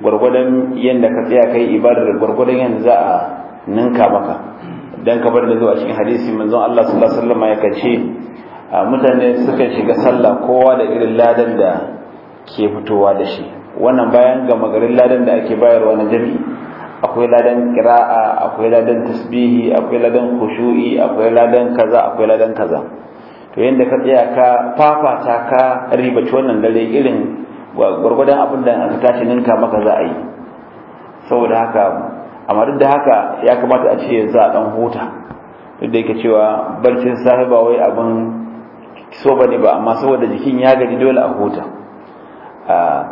gwargwadon yadda ka tsaya kai ibadar gwargwadon yadda za a ninka maka dan kamar da zuwa cikin hadisi manzon Allah sallallahu alaihi wasallam ya kace mutane suka shiga sallah kowa da irin ladan da ke fitowa da shi wannan bayan ga magarin ladan da ake bayarwa na jami'i akwai ladan kira'a akwai ladan tasbihi akwai ladan khushu'i akwai ladan kaza akwai ladan kaza to yanda ka tsaya ka fafata ka ribaci wannan dare irin gwargwadon abin da aka tashi ninka maka za a yi saboda haka amma duk da haka ya kamata a ce yanzu a dan huta duk da yake cewa barcin safe ba wai abin so bane ba amma saboda jikin ya gaji dole a huta ah,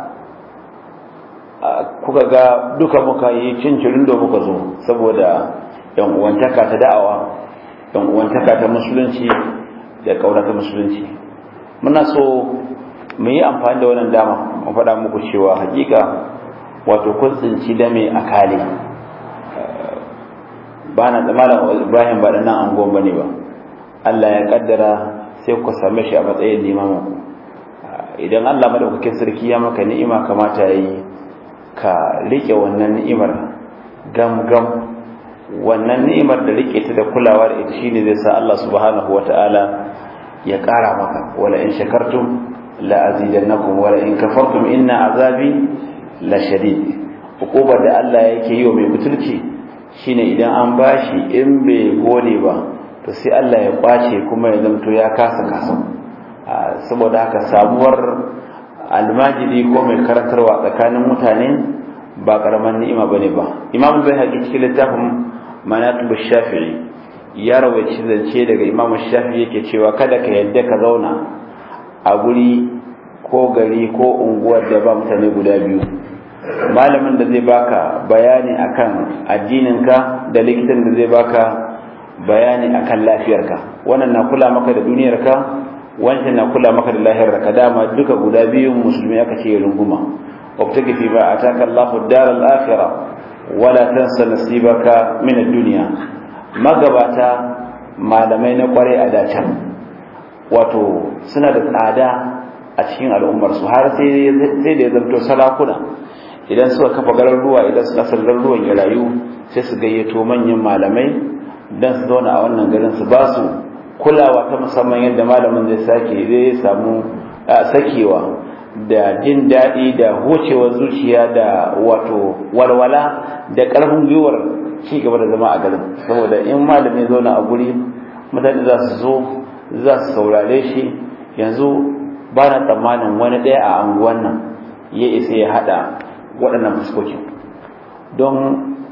kuka ga duka muka yi cincirin da muka zo saboda yan uwantaka ta da'awa yan uwantaka ta musulunci da kaura ta musulunci muna so mu yi amfani da wannan dama mu faɗa muku cewa hakika wato kun tsinci da a akali ba na tsammanin ibrahim ba nan an goma ne ba allah ya kaddara sai ku same shi a matsayin limamin idan allah madaukakin sarki ya maka ni'ima kamata ya yi ka riƙe wannan ni'imar gamgam wannan ni'imar da rike ta da kulawa da ita shine zai sa Allah subhanahu wata'ala ya ƙara maka wala in shakartum la azidannakum wala in kafartum inna azabi la shadid hukubar da Allah yake yi wa mai mutunci shine idan an bashi in bai gode ba to sai Allah ya kwace kuma ya zanto ya kasa kasa ah, saboda haka samuwar almajiri ko mai karantarwa tsakanin mutane ba karaman ni'ima bane ba imam bai cikin littafin manatib shafi'i ya rawaici zance daga imam shafi'i yake cewa kada ka yadda ka zauna a guri ko gari ko unguwar da ba mutane guda biyu malamin da zai baka bayani akan addininka da likitan da zai baka bayani akan lafiyarka wannan na kula maka da duniyarka wancan na kula maka da lahirar ka dama duka guda biyun musulmi aka ce ya runguma wabtaki fi ba ataka Allahu daral akhirah wala tansa nasibaka min ad-dunya magabata malamai na kware a dacan wato suna da tsada a cikin al'ummar su har sai da ya zanto salakuna idan suka kafa garar ruwa idan suka sallar ruwan ya rayu sai su gayyato manyan malamai dan su zauna a wannan garin su ba su kulawa ta musamman yadda malamin zai sake zai samu sakewa da jin daɗi da hocewar zuciya da wato walwala da ƙarfin gwiwar ci gaba da zama a garin saboda in malami zauna a guri mutane za su zo za su saurare shi yanzu ba na tsammanin wani ɗaya a anguwan nan ya isa ya haɗa waɗannan fuskokin don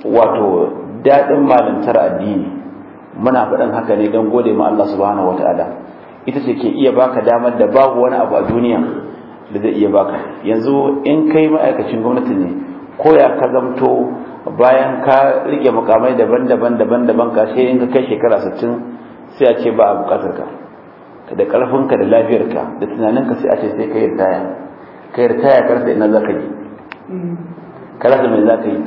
wato daɗin malantar addini muna faɗin haka ne don gode ma Allah subhanahu wataala ita ce ke iya baka damar da babu wani abu a duniya da zai iya baka yanzu in kai ma'aikacin gwamnati ne ko ya ka zamto bayan ka rike mukamai daban-daban daban-daban ka sai in ka kai shekara 60 sai a ce ba a bukatar ka da karfinka da lafiyarka da tunaninka sai a ce sai ka yarda ka ritaya karsa ina za ka yi ka rasa mai za ka yi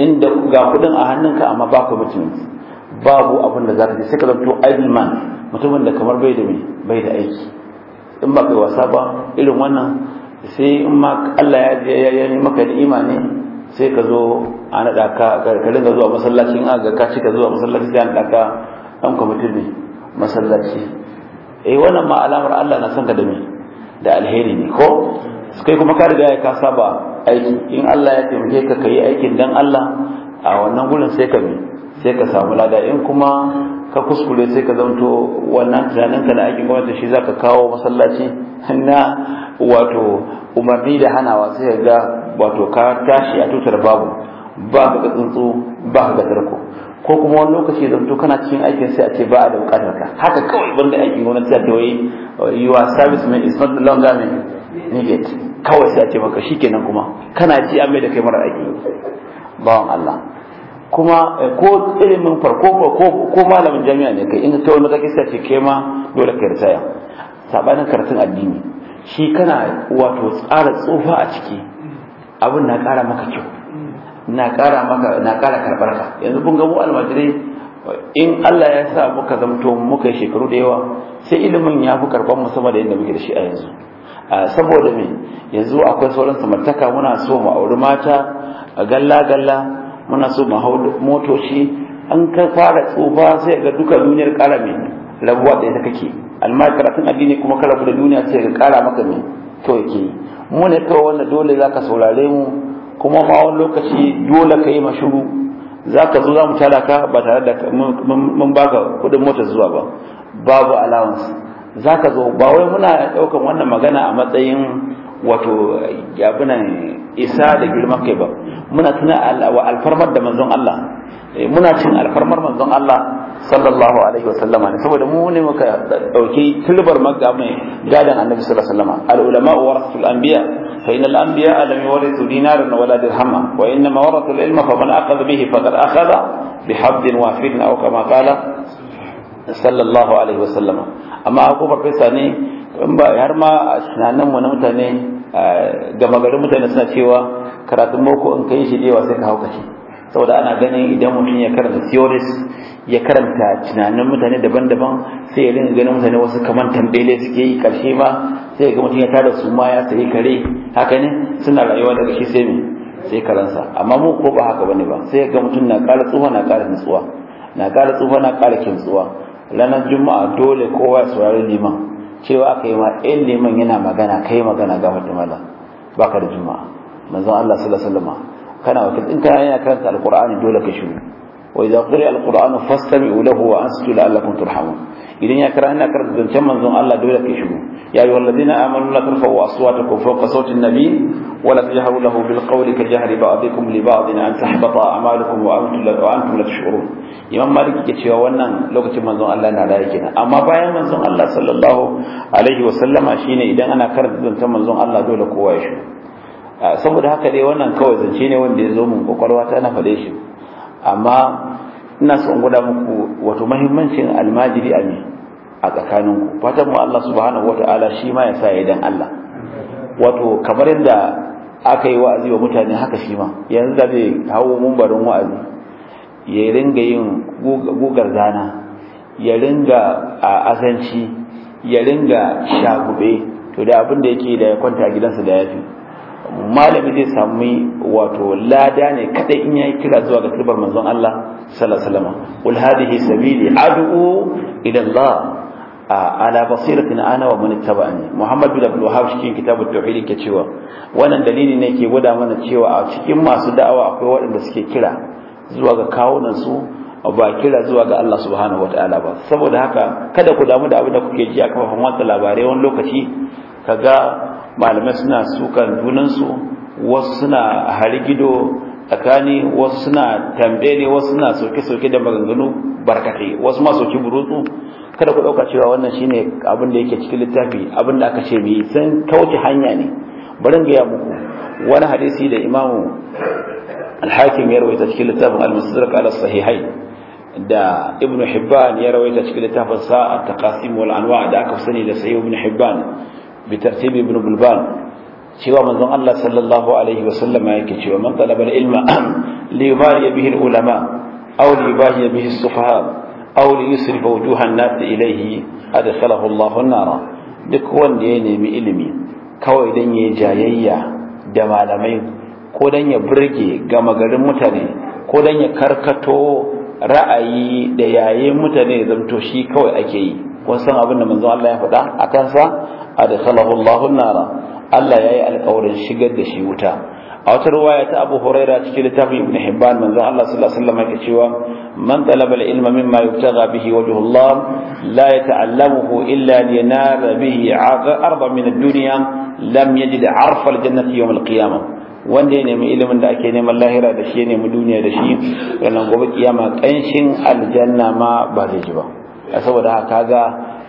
inda ga kudin a hannunka amma ba ku mutunci babu abin da za ka ji sai ka to idle man mutumin da kamar bai da mai bai da aiki in ba kai wasa ba irin wannan sai in ma Allah ya ya yi maka da imani sai ka zo a nada ka ka dinga zuwa masallaci in aka ka cika zuwa masallaci sai a daka dan committee ne masallaci eh wannan ma alamar Allah na son ka da me da alheri ne ko kai kuma ka riga ka saba aiki in Allah ya taimake ka kai aikin dan Allah a wannan gurin sai ka bi sai ka samu lada in kuma ka kuskure sai ka zanto wannan ka da aikin gwamnati shi ka kawo masallaci na wato umarni da hanawa sai ka ga wato ka tashi a tutar babu ba ga tsuntsu ba ga tarko ko kuma wani lokaci da mutu kana cikin aikin sai a ce ba a da bukatar ka haka kawai banda aikin gwamnati sai ta yi yiwa service man is not long term needed kawai sai a ce maka shikenan kuma kana ci an mai da kai mara aiki bawan Allah kuma eh, ko ilimin farko ko malamin jami'a ne kai in ta wani mataki sai ce kai ma dole ka ritaya sabanin karatun addini shi kana wato tsara tsufa a ciki abin na kara maka kyau na ƙara maka na kara karbar ka yanzu kun ga mu almajirai in Allah ya sa muka zamto muka yi shekaru da yawa sai ilimin ya fi karɓar mu sama da yadda muke da shi a yanzu saboda me yanzu akwai sauran samartaka muna so mu auri mata galla galla muna so mu hau motoci an ka fara tsufa sai ga duka duniyar ƙara mai rabuwa da ita kake alma karatun addini kuma ka rabu da duniya sai ga ƙara maka mai kyau yake yi mu ne kawai wanda dole za ka saurare mu kuma ma wani lokaci dole ka yi mashuru za ka zo za mu tara ka ba tare da mun baka kuɗin motar zuwa ba babu allowance za ka zo ba wai muna ɗaukan wannan magana a matsayin wato yabunan isa da girman kai ba muna tuna wa alfarmar da manzon Allah eh, muna cin alfarmar manzon Allah sallallahu alaihi wasallama ne saboda mu ne muka dauki tilbar magga mai gadan annabi sallallahu alaihi wasallama al ulama warathul anbiya fa innal anbiya lam yuwarithu dinaran wala dirhama wa innama warathu al ilma faman akhadha bihi faqad akhadha bihabdin wafidin aw kama qala sallallahu alaihi wa sallama. amma ko farfesa ne in ba har ma a tunanin mu na mutane gama garin mutane suna cewa karatun boko in kai shi dewa sai ka hauka shi saboda ana ganin idan mutum ya karanta theories ya karanta tunanin mutane daban-daban sai ya rinka ganin mutane wasu kamar tambele suke yi karshe ma sai ga mutum ya tada su ma ya sayi kare haka ne suna rayuwa daga shi sai me sai karansa amma mu ko ba haka bane ba sai ga mutum na ƙara tsufa na ƙara nutsuwa na ƙara tsufa na ƙara kintsuwa ranar juma'a dole kowa ya saurari liman cewa aka yi ma ɗayan lemun yana magana kai magana ga wata mala baka da juma'a manzon Allah sallallahu alaihi wasallam kana wakil in kana yana karanta alqur'ani dole ka shiru wa idza quri'a alqur'anu fastami'u lahu wa ansitu la'allakum turhamun idan ya kira ina karanta zancen manzon Allah dole ka shigo ya ayyuha amana amanu la tarfa'u aswatakum fawqa sawti an-nabi wa la tajharu lahu bil qawli ka jahri ba'dikum li ba'din an tahbata a'malukum wa antum la wa antum la cewa wannan lokacin manzon Allah na rayu kenan amma bayan manzon Allah sallallahu alaihi wa sallama shine idan ana karanta zancen manzon Allah dole kowa ya shigo saboda haka dai wannan kawai zance ne wanda ya zo mun kwakwalwa ta na shi amma ina son in gwada muku wato mahimmancin almajiri a ne a tsakaninku fatan mu Allah subhanahu wata'ala shi ma ya sa ya dan Allah wato kamar yadda aka yi wa'azi wa mutane haka shi ma yanzu da zai hawo mumbarin wa'azi ya ringa yin gugar zana ya ringa a asanci ya ringa shagube to da abin da yake da ya kwanta gidansa da yafi malami zai sami wato lada ne kadai in yayi kira zuwa ga kirbar manzon Allah sallallahu alaihi wasallam qul hadhihi sabili ad'u ila Allah ala basiratin ana wa man Muhammad bin Abdul Wahhab cikin kitabut tauhid yake cewa wannan dalili ne ke gwada mana cewa a cikin masu da'awa akwai waɗanda suke kira zuwa ga kawunan su ba kira zuwa ga Allah subhanahu ta'ala ba saboda haka kada ku damu da abin da kuke ji a kafafen watsa labarai wani lokaci kaga malamai suna sukan su wasu suna harigido tsakani wasu suna tambaye ne wasu suna soke-soke da maganganu barkatai wasu ma soke burutsu kada ku ɗauka cewa wannan shine abin da yake cikin littafi abin da aka ce mai san kauce hanya ne barin gaya muku wani hadisi da imamu hakim ya ta cikin littafin al-mustadrak ala sahihai da ibn hibban ya rawaita cikin littafin sa at-taqasim wal anwa da aka sani da sahih ibn hibban bi tartib ibn bulban cewa manzon Allah sallallahu alaihi wasallama yake cewa man talaba al-ilma li yubari bihi al-ulama aw li yubari bihi as-sufaha aw li yusrifa wujuha nas ilayhi adkhalahu Allahu an-nara duk wanda ya nemi ilimi kawai dan yayi jayayya da malamai ko dan ya burge gama garin mutane ko dan ya karkato ra'ayi da yaye mutane da zamto shi kawai ake yi kun abin da manzon Allah ya faɗa a kansa adkhalahu Allahu nara Allah yayi alƙawarin shigar da shi wuta a wata riwaya ta Abu Huraira cikin littafin Ibn Hibban manzon Allah sallallahu alaihi wasallam cewa man talaba al-ilma mimma yubtaga bihi wajhu Allah la yata'allamuhu illa linara bihi arda min ad-dunya lam yajid arfa al-jannati yawm al-qiyamah wanda ya nemi ilimin da ake neman lahira da shi ya nemi duniya da shi ranar gobe kiyama kanshin aljanna ma ba zai ji ba saboda haka za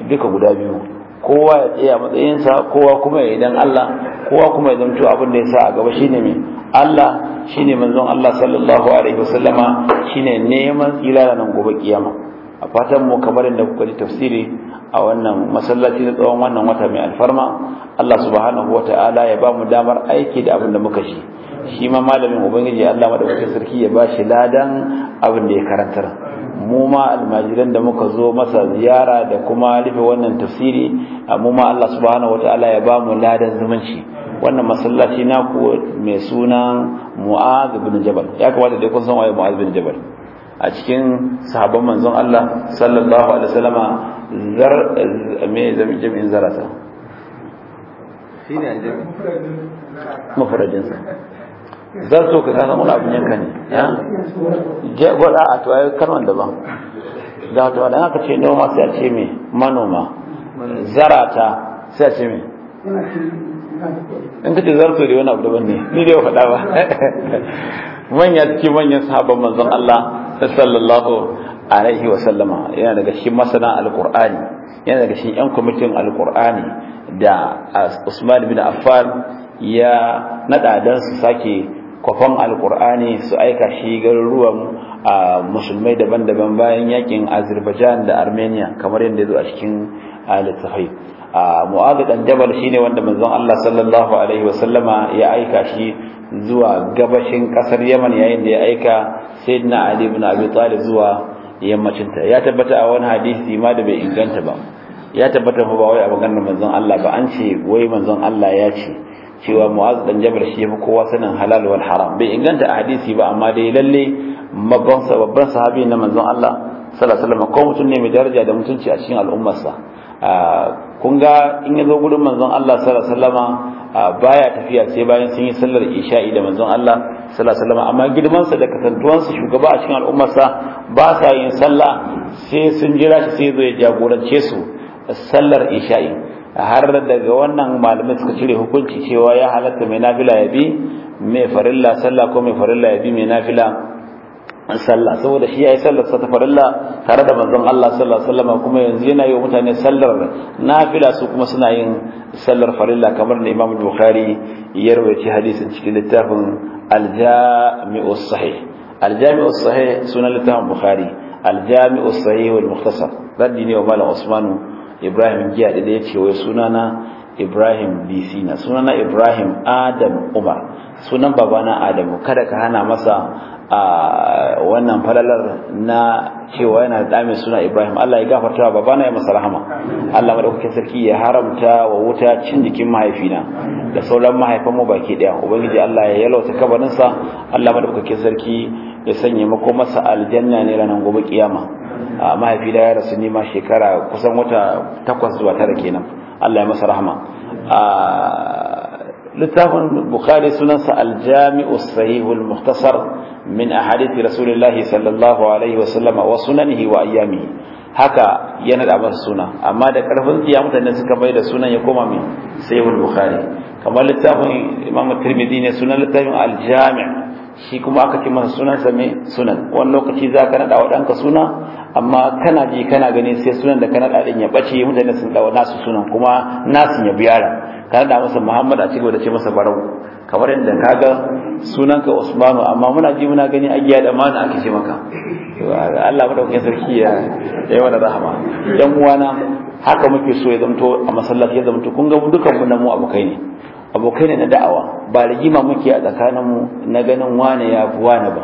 duka guda biyu kowa ya tsaya matsayinsa kowa kuma ya idan Allah kowa kuma ya zamto abin da ya sa a gaba shine me Allah shine manzon Allah sallallahu alaihi wasallama shine neman tsira ranar gobe kiyama a fatan mu kamar da kuka ji tafsiri a wannan masallaci na tsawon wannan wata mai alfarma Allah subhanahu ta'ala ya ba mu damar aiki da abin da muka shi shi ma malamin ubangiji Allah madaukakin sarki ya ba shi ladan abin da ya karantar mu ma almajiran da muka zo masa ziyara da kuma rufe wannan tafsiri mu ma Allah subhanahu ta'ala ya ba mu ladan zumunci wannan masallaci naku mai suna Mu'adh ibn Jabal ya kamata dai kun san waye Mu'adh ibn Jabal a cikin sahabban manzon Allah sallallahu alaihi wasallama zar me zamin jami'in zarata shine ajami mufradin sa zar to ka mun abin yanka ne ya je gwada a to ayi karman ba da to dan aka ce noma sai a ce me manoma zarata sai a ce me in kace zar to da wani abu daban ne ni dai faɗa ba manya cikin manyan sahabban manzon Allah sallallahu alaihi wa sallama yana daga cikin masana alqur'ani yana daga cikin yan kwamitin alqur'ani da Usman bin Affan ya nada dan su sake kwafan alqur'ani su aika shi garuruwan musulmai daban-daban bayan yakin Azerbaijan da Armenia kamar yadda ya zo a cikin al Mu'adh dan Jabal shine wanda manzon Allah sallallahu alaihi wa sallama ya aika shi zuwa gabashin kasar Yaman yayin da ya aika Sayyidina Ali ibn Abi Talib zuwa yammacin ta ya tabbata a wani hadisi ma da bai inganta ba ya tabbata fa ba wai a maganar manzon Allah ba an ce wai manzon Allah ya ce cewa Mu'az dan Jabal shi fi kowa sanin halal wal haram bai inganta a hadisi ba amma dai lalle mabban babban sahabi na manzon Allah sallallahu alaihi wasallam ko mutum ne mai daraja da mutunci a cikin al'ummarsa ah, kun ga in ya zo gurin manzon Allah sallallahu alaihi wasallama baya tafiya sai bayan sun yi sallar isha'i da manzon Allah sallallahu amma girman da kasantuwan shugaba a cikin al'ummar sa ba sa yin sallah sai sun jira shi sai zo ya jagorance su sallar isha'i har daga wannan malamai suka cire hukunci cewa ya halatta mai nafila ya bi mai farilla sallah ko mai farilla ya bi mai nafila sallah saboda shi yayi sallar sa ta farilla tare da manzon Allah sallallahu alaihi wasallam kuma yanzu yana yi mutane sallar nafila su kuma suna yin sallar farilla kamar da Imam Bukhari ya rawaita hadisin cikin littafin Al-Jami'u Sahih Al-Jami'u Sahih sunan littafin Bukhari Al-Jami'u Sahih wal Mukhtasar radi ne wa Malam Usman Ibrahim Giya da yace wai sunana Ibrahim DC na sunana Ibrahim Adam Umar sunan babana Adamu kada ka hana masa a wannan falalar na cewa yana da dame suna Ibrahim Allah ya gafarta wa babana ya masa rahama Allah madaukakin sarki ya haramta wa wuta cin jikin mahaifina da sauran mahaifanmu baki daya ubangiji Allah ya yalwata kabarin sa Allah madaukakin sarki ya sanya mako masa aljanna ne ranar gobe kiyama mahaifina ya rasu ne ma shekara kusan wata takwas zuwa tara kenan Allah ya masa rahama littafin bukari sunansa aljami'u sahihul muhtasar min ahadithi rasulillahi sallallahu alaihi wasallama wa sunanihi wa ayyamihi haka yana da masu suna amma da karfin tsiya mutane suka bai da sunan ya koma min sahihul kamar littafin imam tirmidhi ne sunan littafin aljami'u. shi kuma aka ce masa sunan sa mai sunan wani lokaci za ka naɗa wa ɗanka suna amma kana ji kana gani sai sunan da ka naɗa ɗin ya ɓace mutane sun ɗawa nasu sunan kuma nasu ya biyara ka naɗa masa muhammad a cigaba da ce masa barau kamar yadda ka ga sunanka usmanu amma muna ji muna gani a giya da mana aka ce maka allah madaukakin sarki ya yi wa rahama yan uwana haka muke so ya zamto a masallaci ya zamto kun ga dukkan mu na mu abokai ne abokai ne na da'awa ba rigima muke a tsakaninmu na ganin wane ya fi wane ba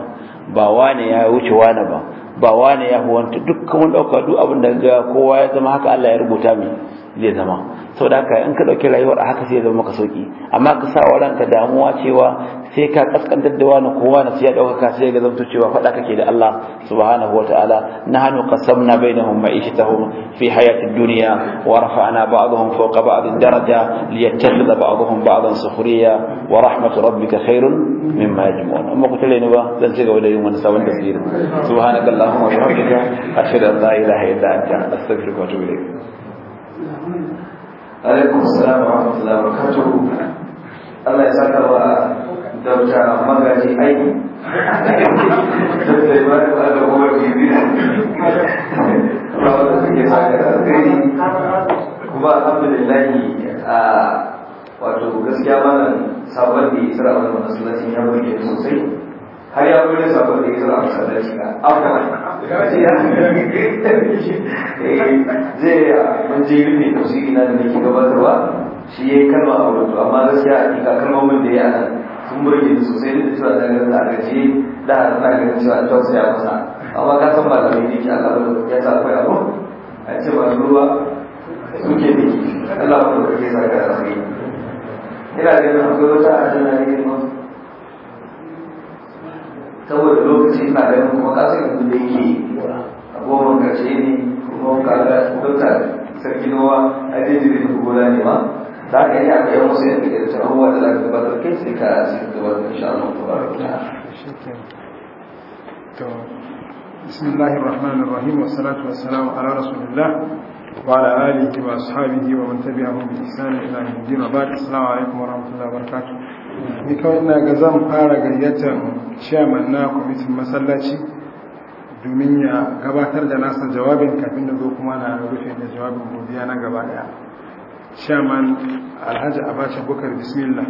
ba wane ya wuce wane ba ba wane ya fi dukkan wani ɗauka duk abin da ga kowa ya zama haka Allah ya rubuta mai zai zama saboda haka in ka dauki rayuwar a haka sai ya zama maka sauki amma ka sa wa ranka damuwa cewa sai ka kaskantar da wani kowa na sai ya dauka sai ga zanto cewa faɗa kake da Allah subhanahu wataala nahnu qasamna ta ma'ishatahum fi hayati dunya wa rafa'na ba'dahum fawqa ba'd daraja liyattakhidha ba'dahum ba'dan sufuriya, wa rahmatu rabbika khairun mimma yajma'un amma ku tare ni ba zan ci gaba da yin wani sabon tafsiri subhanakallahumma wa bihamdika ashhadu an la ilaha illa anta astaghfiruka wa atubu ilayk alaikum salamu wa rahmatullahi wa barakatuhu Allah ya saka wa dauta magaji aiki da sai ba da kuma bibi Allah suke saka da alheri kuma alhamdulillah a wato gaskiya malam sabon da ya masallacin ya bude sosai har ya koyi sabon da ya zai mun je rufe da nake gabatarwa shi ya yi kalma a wurin amma a kika da ya nan sun burge ni sosai da cewa da ganin a gaji da har na ganin cewa an tausaya masa amma ka san ya sa kai abu a ce Allah ba da ke sa ka ina ganin akwai wata ajiyar da saboda lokaci na ganin kuma ka san abin da yake abubuwan karshe ne kuma ka ga dokta sarki nowa a jirgin da gona ne ma za ka yi aka yi musu yadda ke da abubuwa da za ka gabatar kai sai ka sai ka gabatar insha Allah ta baraka بسم الله الرحمن الرحيم salatu والسلام على ala الله وعلى آله وأصحابه ومن تبعهم بإحسان إلى يوم الدين وبعد السلام عليكم ورحمة الله وبركاته ni kawai ina ga zan fara gayyatar chairman na kwamitin masallaci domin ya gabatar da nasa jawabin kafin da zo kuma na rufe da jawabin godiya na gaba daya chairman alhaji abacha bukar bismillah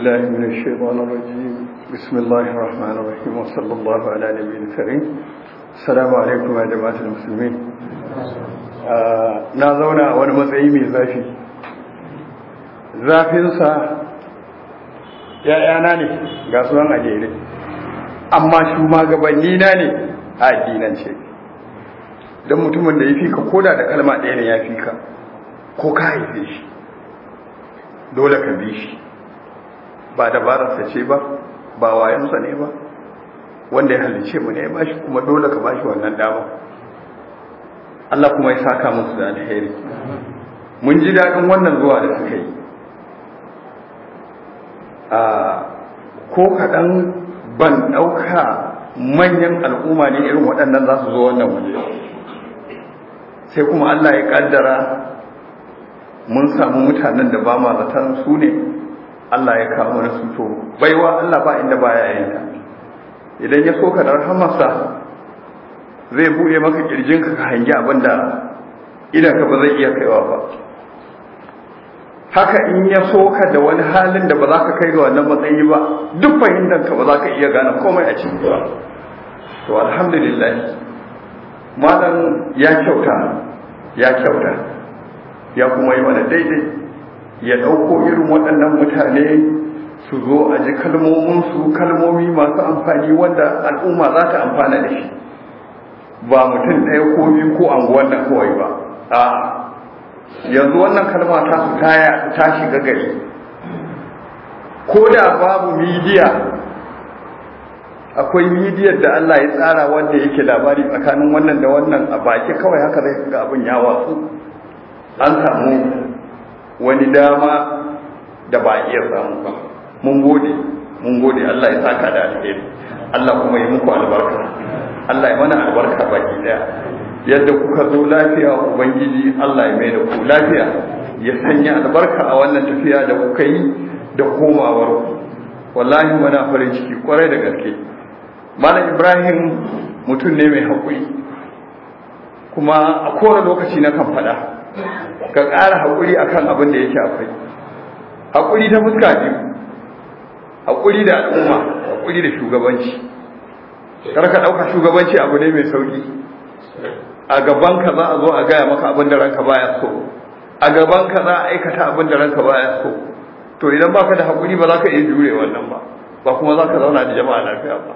بالله من الشيطان الرجيم na zauna a wani matsayi mai zafi zafinsa ‘ya'yana ne ga sunan a jere amma ne a addinance don mutumin da ya fi ka koda da kalma ɗaya ne ko ka haife shi dole ka bi shi ba dabararsa ce ba ba wayansa ne ba wanda ya halice mu ne ba shi kuma dole ka bashi wannan dama Allah kuma ya saka musu da alheri mun ji daɗin wannan zuwa da suka yi ko kaɗan ban ɗauka manyan al'umma ne irin waɗannan za su zo wannan waje sai kuma Allah ya ƙaddara mun samu mutanen da ba ma zaton su ne Allah ya kawo mana suto. baiwa Allah ba inda baya yin ta idan ya soka da rahamarsa zai buɗe maka kirjinka ka hangi abin da idan ka ba zai iya kaiwa ba haka in ya soka da wani halin da ba za ka kai ga wannan matsayi ba duk fahimtar ka ba za ka iya gane komai a cikin ba to alhamdulillah malam ya kyauta ya kyauta ya kuma yi wani daidai ya ɗauko irin waɗannan mutane su zo a ji kalmominsu kalmomi masu amfani wanda al'umma za ta amfana da shi ba mutum ɗaya ko biyu ko anguwan nan kawai ba a yanzu wannan kalma ta su taya ta shiga gari ko da babu midiya akwai midiyar da Allah ya tsara wanda yake labari tsakanin wannan da wannan a baki kawai haka zai ga abin ya watsu an samu wani dama da ba a iya samu ba mun gode mun gode Allah ya saka da alheri Allah kuma ya muku albarka Allah ya mana albarka baki daya yadda kuka zo lafiya ubangiji Allah ya mai da ku lafiya ya sanya albarka a wannan tafiya da kuka yi da komawar wallahi muna farin ciki kwarai da gaske malam Ibrahim mutum ne mai haƙuri kuma a kowane lokaci na kan faɗa ka ƙara haƙuri kan abin da yake akwai haƙuri ta fuska biyu haƙuri da al'umma haƙuri da shugabanci kar ka ɗauka shugabanci abu ne mai sauƙi a gaban ka za a zo a gaya maka abin da ranka baya so a gaban ka za a aikata abin da ranka baya so to idan baka da haƙuri ba za ka iya jure wannan ba ba kuma za ka zauna da jama'a lafiya ba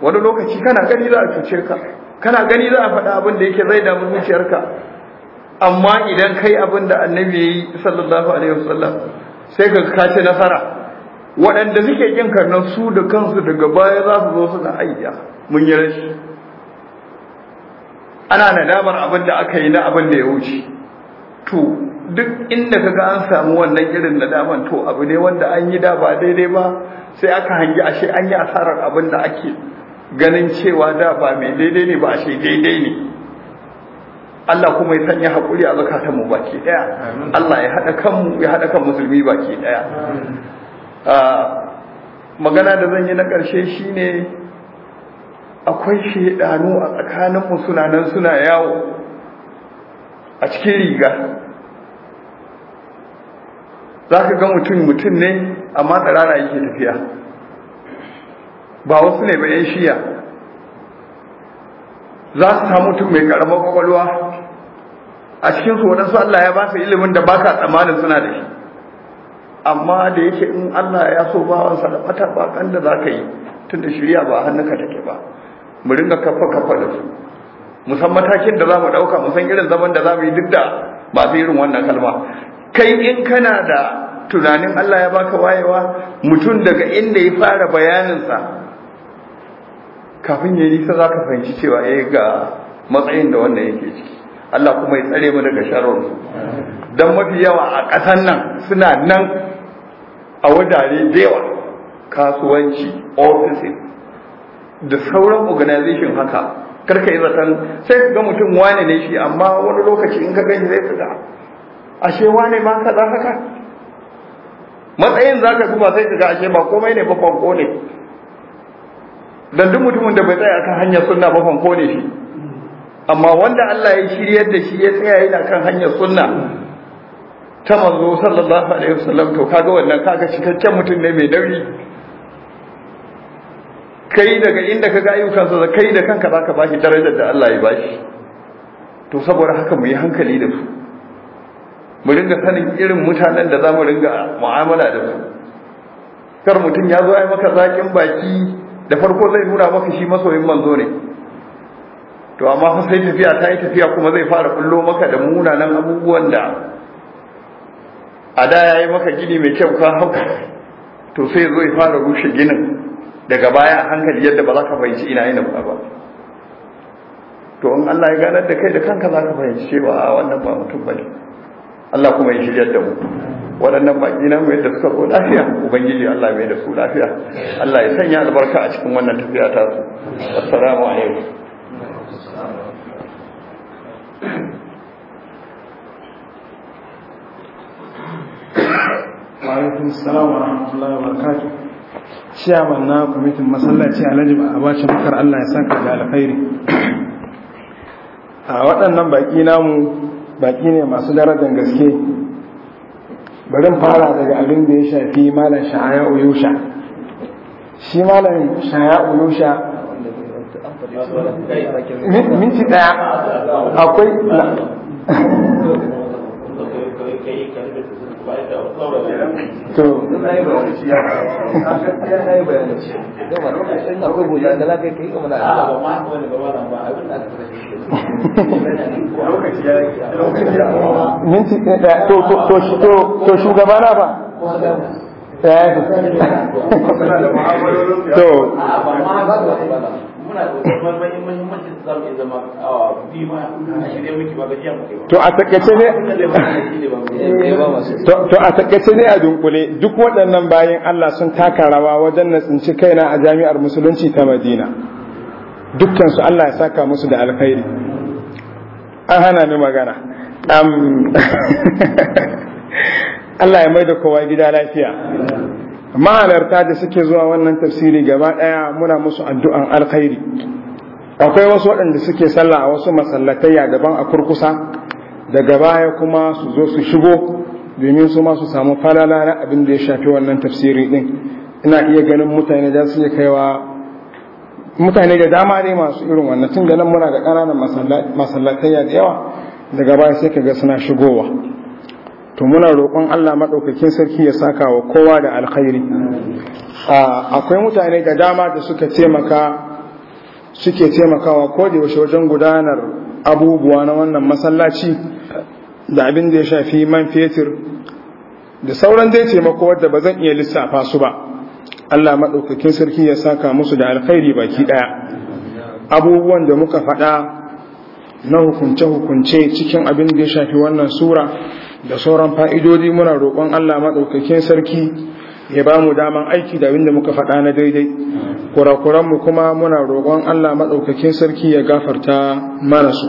wani lokaci kana gani za a cuce ka kana gani za a faɗa abin da yake zai damu zuciyarka amma idan kai abin da annabi ya yi sallallahu alaihi wasallam sai ka kace nasara waɗanda suke kin karna su da kansu daga baya za su zo suna ayya mun yi rashi ana nadamar abin da aka yi na abin da ya wuce to duk inda kaga an samu wannan irin nadaman to abu ne wanda an yi da ba daidai ba sai aka hangi ashe an yi asarar abin da ake ganin cewa da ba mai daidai ne ba ashe daidai ne Allah kuma ya sanya haƙuri a zakatan mu baki ɗaya Allah ya haɗa kanmu ya hada kan musulmi baki ɗaya ah, magana da zan yi na ƙarshe shine akwai shedanu a tsakaninmu suna nan suna yawo a cikin riga za ga mutum mutum ne amma tsirara yake tafiya ba wasu ne ba 'yan shiya za su samu mutum mai karamar kwakwalwa a cikin su waɗansu Allah ya ba su ilimin da baka tsammanin suna da shi amma da yake in Allah ya so bawansa da fata ba kan da za ka yi tunda shirya ba ka take ba mu ringa kafa kafa da su musamman matakin da za mu ɗauka musan irin zaman da za mu yi duk da masu irin wannan kalma kai in kana da tunanin Allah ya baka wayewa mutum daga inda ya fara bayaninsa kafin ya nisa za ka fahimci cewa ya eh, ga matsayin da wannan yake ciki Allah kuma ya tsare mu daga shararsu don mafi yawa a ƙasar nan suna nan a wadare da yawa kasuwanci office da sauran organization haka karka yi zaton sai ga mutum wane ne shi amma wani lokaci in ka gani zai fita ashe wane ma ka za haka matsayin za ka kuma sai ka ga ashe ba komai ne ba fanko ne dan duk mutumin da bai tsaya kan hanyar sunna ba fanko ne shi amma wanda Allah ya shiryar da shi ya tsaya yana kan hanyar sunna ta manzo sallallahu alaihi wasallam to kaga wannan kaga cikakken mutum ne mai dauri? kai daga inda ka ga ayyukan sa kai da kanka zaka bashi darajar da Allah ya bashi to saboda haka mu yi hankali da su mu ringa sanin irin mutanen da za mu ringa mu'amala da su kar mutum ya zo ai maka zakin baki da farko zai nuna maka shi masoyin manzo ne to amma fa sai tafiya ta yi tafiya kuma zai fara kullo maka da munanan abubuwan da a da ya yi maka gini mai kyau ka hauka to sai zo ya fara rushe ginin daga baya hankali yadda ba za ka fahimci ina ina ba to in Allah ya ganar da kai da kanka za ka fahimci cewa a wannan ba mutum bane Allah kuma ya shigar da mu waɗannan baƙi na mai da suka zo lafiya ubangiji Allah mai da su lafiya Allah ya sanya albarka a cikin wannan tafiya ta su assalamu alaikum alaikun salamu rahmatullahi wa barakatu ciyaman na kwamitin masallaci alhaji ba a bacin makar allah ya saka da alkhairi a waɗannan baƙi namu baƙi ne masu darajar gaske barin fara daga abin da ya shafi malam sha'aya uyusha shi malam sha'aya uyusha minti daya akwai to minti daya to to a takaice ne eh, to a takaice dunkule duk waɗannan bayan Allah sun taka rawa wajen na tsinci kaina a jami'ar musulunci ta Madina dukkansu Allah ya saka musu da alkhairi an hana ni magana Allah ya mai da kowa gida lafiya mahalarta da suke zuwa wannan tafsiri gaba ɗaya muna musu addu'an alkhairi akwai wasu waɗanda suke sallah a wasu masallatai a gaban a kurkusa daga baya kuma su zo su shigo domin su ma su samu falala na abin da ya shafi wannan tafsiri ɗin ina iya ganin mutane da su kaiwa mutane da dama ne masu irin wannan tun da muna da ƙananan masallatai da yawa daga baya sai ka ga suna shigowa to muna roƙon Allah maɗaukakin sarki ya saka wa kowa da alkhairi akwai mutane da dama da suka taimaka suke taimakawa ko da yaushe wajen gudanar abubuwa na wannan masallaci da abin da ya shafi man fetur da sauran dai taimako wadda ba zan iya lissafa su ba Allah maɗaukakin sarki ya saka musu da alkhairi baki ɗaya abubuwan da muka faɗa na hukunce-hukunce cikin abin da ya shafi wannan sura da sauran fa'idodi muna roƙon Allah maɗaukakin sarki ya ba mu daman aiki da abin da muka faɗa na daidai kurakuranmu kuma muna roƙon Allah maɗaukakin sarki ya gafarta mana su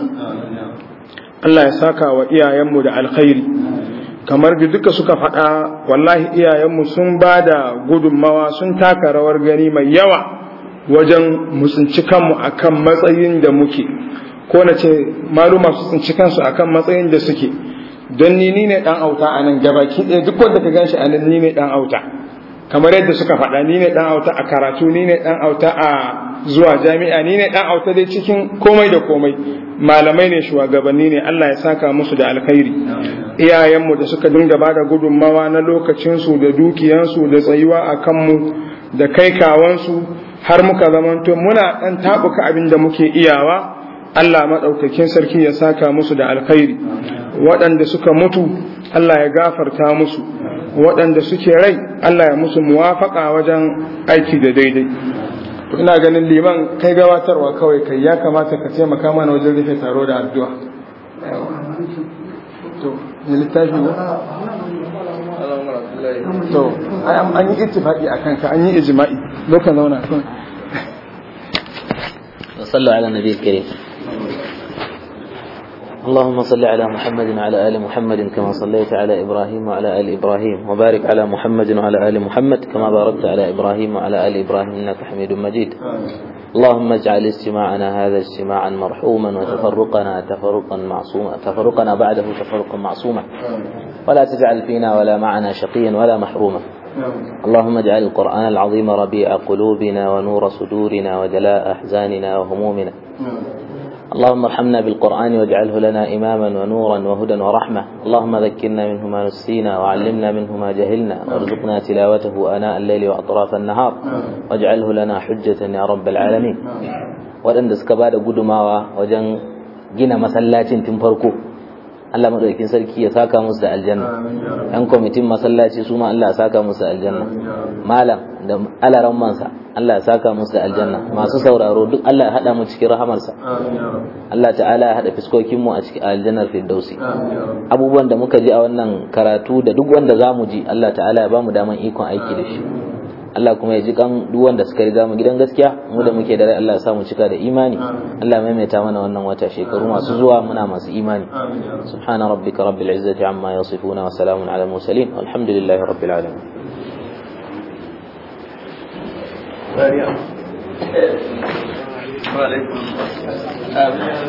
Allah ya saka wa iyayenmu da alkhairi kamar da duka suka faɗa wallahi iyayenmu sun ba da gudunmawa sun taka rawar gani mai yawa wajen tsinci kanmu a kan matsayin da muke ko na ce malu su tsinci kansu a kan matsayin da suke don ni ni ne dan auta a nan gabaki ɗaya duk wanda ka gan ganshi a nan ni ne dan auta kamar yadda suka faɗa ni ne dan auta a karatu ni ne dan auta a zuwa jami'a ni ne dan auta dai cikin komai da komai malamai ne shugabanni ne Allah ya saka musu da alkhairi iyayenmu da suka dinga bada gudunmawa na lokacinsu da dukiyansu da tsayuwa a kanmu da kai kawansu har muka zamanto muna dan taɓuka abin da muke iyawa Allah maɗaukakin sarki ya saka musu da alkhairi waɗanda suka mutu Allah ya gafarta musu waɗanda suke rai Allah ya musu muwafaka wajen aiki da daidai ina ganin liman kai gabatarwa kawai kai ya kamata ka taimaka mana wajen rufe taro da addu'a to littafi to an yi ittifaqi akan ka an yi ijma'i lokacin zauna sun sallu ala nabiyyi karim اللهم صل على محمد وعلى آل محمد كما صليت على إبراهيم وعلى آل إبراهيم وبارك على محمد وعلى آل محمد كما باركت على إبراهيم وعلى آل إبراهيم إنك حميد مجيد اللهم اجعل اجتماعنا هذا اجتماعا مرحوما وتفرقنا تفرقا معصوما تفرقنا بعده تفرقا معصوما ولا تجعل فينا ولا معنا شقيا ولا محروما اللهم اجعل القرآن العظيم ربيع قلوبنا ونور صدورنا وجلاء أحزاننا وهمومنا اللهم ارحمنا بالقرآن واجعله لنا إماما ونورا وهدى ورحمة اللهم ذكرنا منه ما نسينا وعلمنا منه ما جهلنا وارزقنا تلاوته آناء الليل وأطراف النهار واجعله لنا حجة يا رب العالمين waɗanda suka ba da gudumawa wajen gina masallacin tun farko Allah madaukakin sarki ya saka musu da aljanna yan kwamitin masallaci su ma Allah ya saka musu da aljanna malam da alaran mansa Allah ya saka musu da aljanna masu sauraro duk Allah ya hada mu cikin rahamarsa Allah ta'ala ya hada fiskokin mu a cikin aljannar firdausi abubuwan da muka ji a wannan karatu da duk wanda zamu ji Allah ta'ala ya bamu daman ikon aiki da shi Allah kuma ya ji kan duk wanda suka riga mu gidan gaskiya mu da muke da rai Allah ya sa cika da imani Allah ya maimaita mana wannan wata shekaru masu zuwa muna masu imani subhana rabbika rabbil izzati amma yasifuna wa salamun ala mursalin walhamdulillahi rabbil alamin